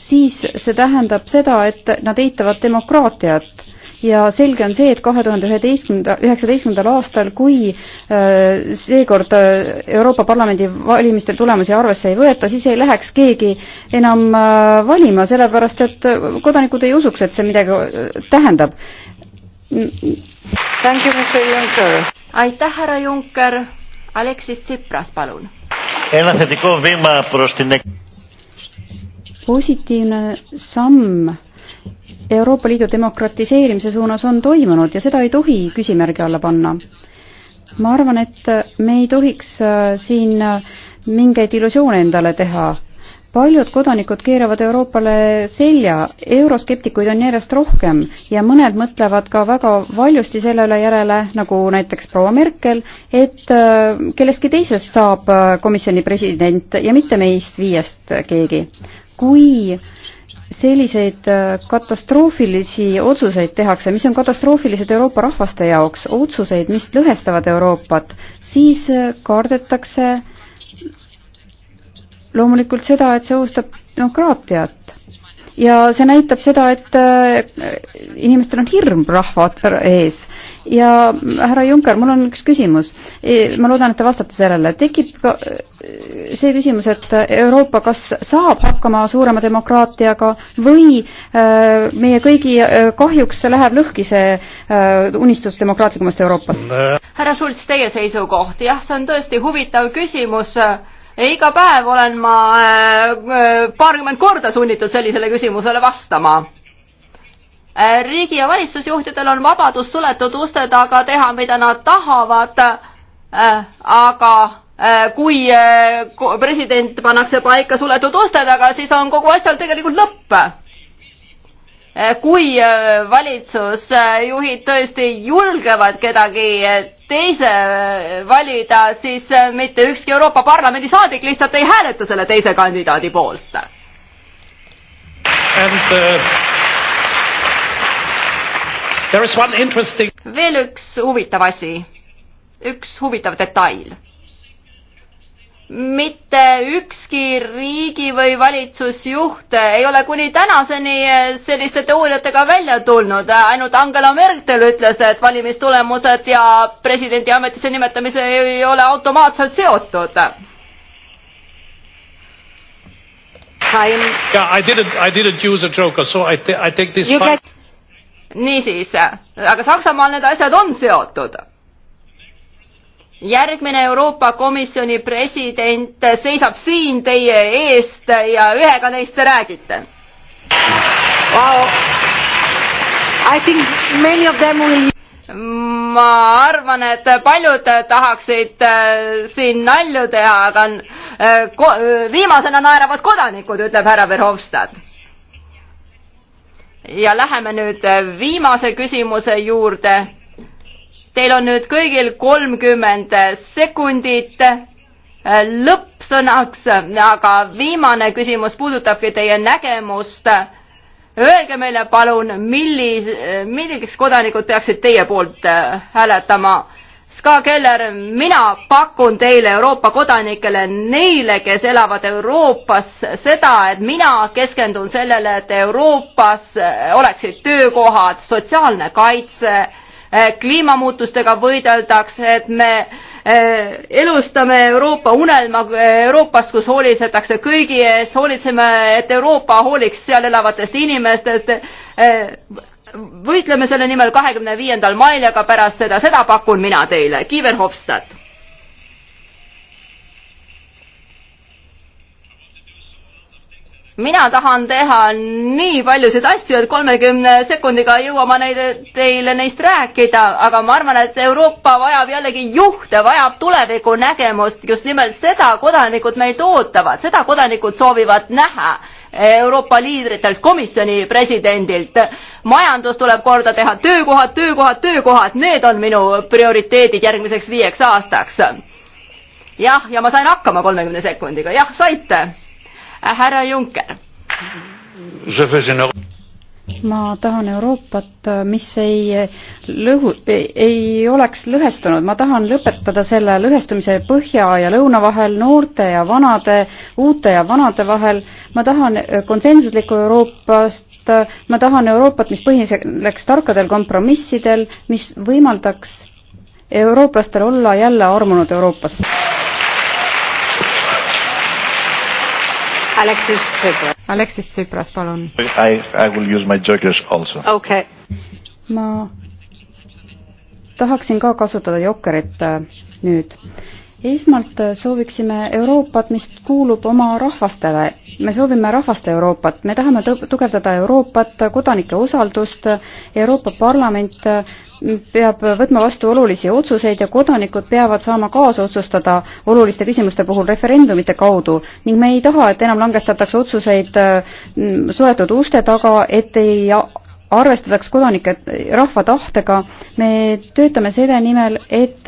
[SPEAKER 3] siis see tähendab seda, et nad eitavad demokraatiat ja selge on see, et kahe tuhande üheteistkümnenda, üheksateistkümnendal aastal, kui äh, seekord äh, Euroopa Parlamendi valimiste tulemusi arvesse ei võeta, siis ei läheks keegi enam äh, valima, sellepärast et kodanikud ei usuks, et see midagi tähendab.
[SPEAKER 4] aitäh, härra Juncker. Aleksis Tsipras, palun.
[SPEAKER 3] positiivne
[SPEAKER 4] samm
[SPEAKER 3] Euroopa Liidu demokratiseerimise suunas on toimunud ja seda ei tohi küsimärgi alla panna. ma arvan, et me ei tohiks äh, siin äh, mingeid illusioone endale teha. paljud kodanikud keeravad Euroopale selja, euroskeptikuid on järjest rohkem ja mõned mõtlevad ka väga valjusti selle üle järele, nagu näiteks proua Merkel, et äh, kellestki teisest saab komisjoni president ja mitte meist viiest keegi. kui selliseid äh, katastroofilisi otsuseid tehakse, mis on katastroofilised Euroopa rahvaste jaoks, otsuseid, mis lõhestavad Euroopat, siis äh, kardetakse loomulikult seda, et see ohustab demokraatiat. ja see näitab seda, et äh, inimestel on hirm rahva ees ja härra Juncker, mul on üks küsimus. E, ma loodan, et te vastate sellele. tekib ka e, see küsimus, et Euroopa kas saab hakkama suurema demokraatiaga või e, meie kõigi kahjuks läheb lõhki see unistus demokraatlikumast Euroopast?
[SPEAKER 4] härra Schulz, teie seisukoht? jah, see on tõesti huvitav küsimus iga päev olen ma paarkümmend korda sunnitud sellisele küsimusele vastama Äh, riigi ja valitsusjuhtidel on vabadus suletud uste taga teha, mida nad tahavad, äh, aga äh, kui president pannakse paika suletud uste taga, siis on kogu asjal tegelikult lõpp. kui valitsusjuhid tõesti julgevad kedagi teise valida, siis mitte ükski Euroopa Parlamendi saadik lihtsalt ei hääleta selle teise kandidaadi poolt.
[SPEAKER 2] And uh...
[SPEAKER 4] Interesting... veel üks huvitav asi, üks huvitav detail. mitte ükski riigi või valitsusjuht ei ole kuni tänaseni selliste teooriatega välja tulnud, ainult Angela Merkel ütles, et valimistulemused ja presidendi ametisse nimetamise ei ole automaatselt seotud time.
[SPEAKER 2] Yeah, I didn't, I didn't use a joker, so I, t I
[SPEAKER 4] take this. You get niisiis, aga Saksamaal need asjad on seotud. järgmine Euroopa Komisjoni president seisab siin teie eest ja ühega neist te räägite wow.. Will... ma arvan, et paljud tahaksid äh, siin nalju teha, aga äh, viimasena naeravad kodanikud, ütleb härra Verhofstadt ja läheme nüüd äh, viimase küsimuse juurde. Teil on nüüd kõigil kolmkümmend äh, sekundit äh, lõppsõnaks, aga viimane küsimus puudutabki teie nägemust. Öelge meile palun, millis, milliseks kodanikud peaksid teie poolt hääletama äh, Ska Keller, mina pakun teile, Euroopa kodanikele, neile, kes elavad Euroopas, seda, et mina keskendun sellele, et Euroopas eh, oleksid töökohad, sotsiaalne kaitse, eh, kliimamuutustega võideldakse, et me eh, elustame Euroopa unelma Euroopast, kus hoolitsetakse kõigi eest, hoolitseme, et Euroopa hooliks seal elavatest inimestest võitleme selle nimel kahekümne viiendal mail ja ka pärast seda, seda pakun mina teile, Kiiver Hofstad. mina tahan teha nii paljusid asju, et kolmekümne sekundiga ei jõua ma neid, teile neist rääkida, aga ma arvan, et Euroopa vajab jällegi juhte, vajab tulevikunägemust, just nimelt seda kodanikud meilt ootavad, seda kodanikud soovivad näha Euroopa liidritelt, komisjoni presidendilt. majandus tuleb korda teha, töökohad, töökohad, töökohad, need on minu prioriteedid järgmiseks viieks aastaks. jah, ja ma sain hakkama kolmekümne sekundiga, jah, saite, härra Juncker
[SPEAKER 3] ma tahan Euroopat, äh, mis ei äh, lõhu, ei oleks lõhestunud, ma tahan lõpetada selle lõhestumise põhja ja lõuna vahel, noorte ja vanade, uute ja vanade vahel, ma tahan äh, konsensuslikku Euroopast, ma tahan Euroopat, mis põhineks tarkadel kompromissidel, mis võimaldaks eurooplastel olla jälle armunud Euroopasse.
[SPEAKER 1] Alexis Tsipras. Aleksis Tsipras, palun.
[SPEAKER 2] I, I will use my jokers also. okei
[SPEAKER 3] okay.. ma tahaksin ka kasutada jokkerit äh, nüüd esmalt äh, sooviksime Euroopat, mis kuulub oma rahvastele. me soovime rahvaste Euroopat, me tahame tugevdada Euroopat, kodanike usaldust, Euroopa Parlament äh, peab võtma vastu olulisi otsuseid ja kodanikud peavad saama kaasotsustada oluliste küsimuste puhul referendumite kaudu ning me ei taha, et enam langetatakse otsuseid äh, suletud uste taga, et ei arvestataks kodanike, rahva tahtega. me töötame selle nimel, et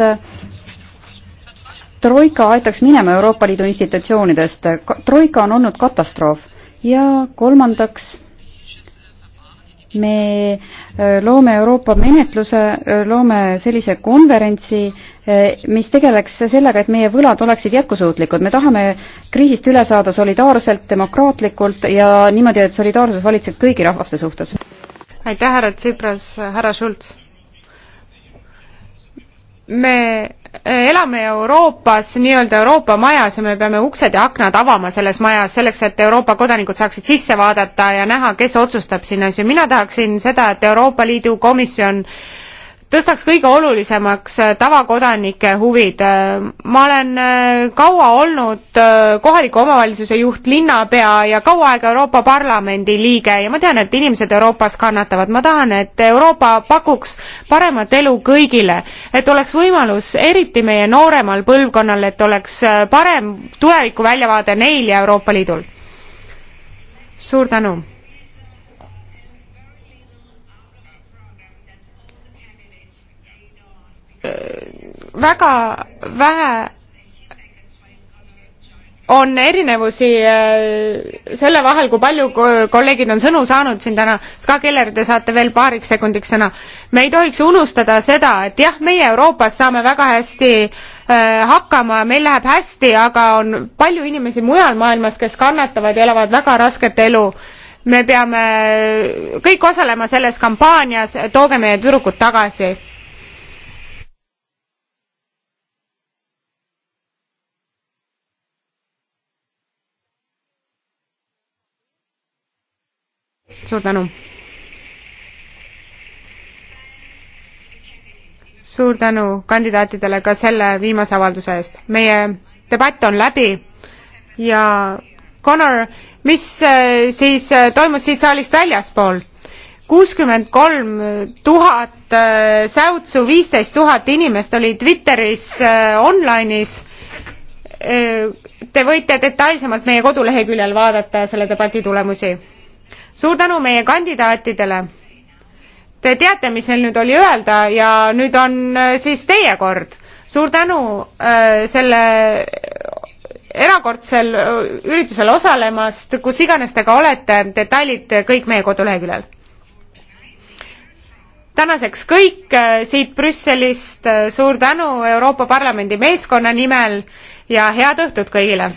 [SPEAKER 3] troika aetaks minema Euroopa Liidu institutsioonidest. troika on olnud katastroof ja kolmandaks me äh, loome Euroopa menetluse, äh, loome sellise konverentsi, äh, mis tegeleks sellega, et meie võlad oleksid jätkusuutlikud. me tahame kriisist üle saada solidaarselt, demokraatlikult ja niimoodi, et solidaarsus valitseb kõigi rahvaste suhtes.
[SPEAKER 1] aitäh, härra Tsipras, härra Schultz. me elame Euroopas, nii-öelda Euroopa majas ja me peame uksed ja aknad avama selles majas selleks, et Euroopa kodanikud saaksid sisse vaadata ja näha, kes otsustab siin asju. mina tahaksin seda, et Euroopa Liidu komisjon äh, tõstaks kõige olulisemaks äh, tavakodanike huvid. Äh, ma olen äh, kaua olnud kohaliku omavalitsuse juht, linnapea ja kaua aega Euroopa Parlamendi liige ja ma tean, et inimesed Euroopas kannatavad. ma tahan, et Euroopa pakuks paremat elu kõigile, et oleks võimalus eriti meie nooremal põlvkonnal, et oleks parem tulevikuväljavaade neil ja Euroopa Liidul. suur tänu väga vähe on erinevusi äh, selle vahel, kui palju kolleegid on sõnu saanud siin täna. Ska Keller, te saate veel paariks sekundiks sõna. me ei tohiks unustada seda, et jah, meie Euroopas saame väga hästi äh, hakkama, meil läheb hästi, aga on palju inimesi mujal maailmas, kes kannatavad ja elavad väga rasket elu. me peame kõik osalema selles kampaanias, tooge meie tüdrukud tagasi suur tänu. suur tänu kandidaatidele ka selle viimase avalduse eest. meie debatt on läbi ja Connor, mis äh, siis äh, toimus siit saalist väljaspool? kuuskümmend kolm tuhat äh, säutsu, viisteist tuhat inimest oli Twitteris online'is. Te võite detailsemalt meie koduleheküljel vaadata selle debati tulemusi suur tänu meie kandidaatidele. Te teate, mis neil nüüd oli öelda ja nüüd on äh, siis teie kord. suur tänu äh, selle erakordsel äh, üritusel osalemast, kus iganes te ka olete, detailid kõik meie koduleheküljel. tänaseks kõik äh, siit Brüsselist, suur tänu Euroopa Parlamendi meeskonna nimel ja head õhtut kõigile!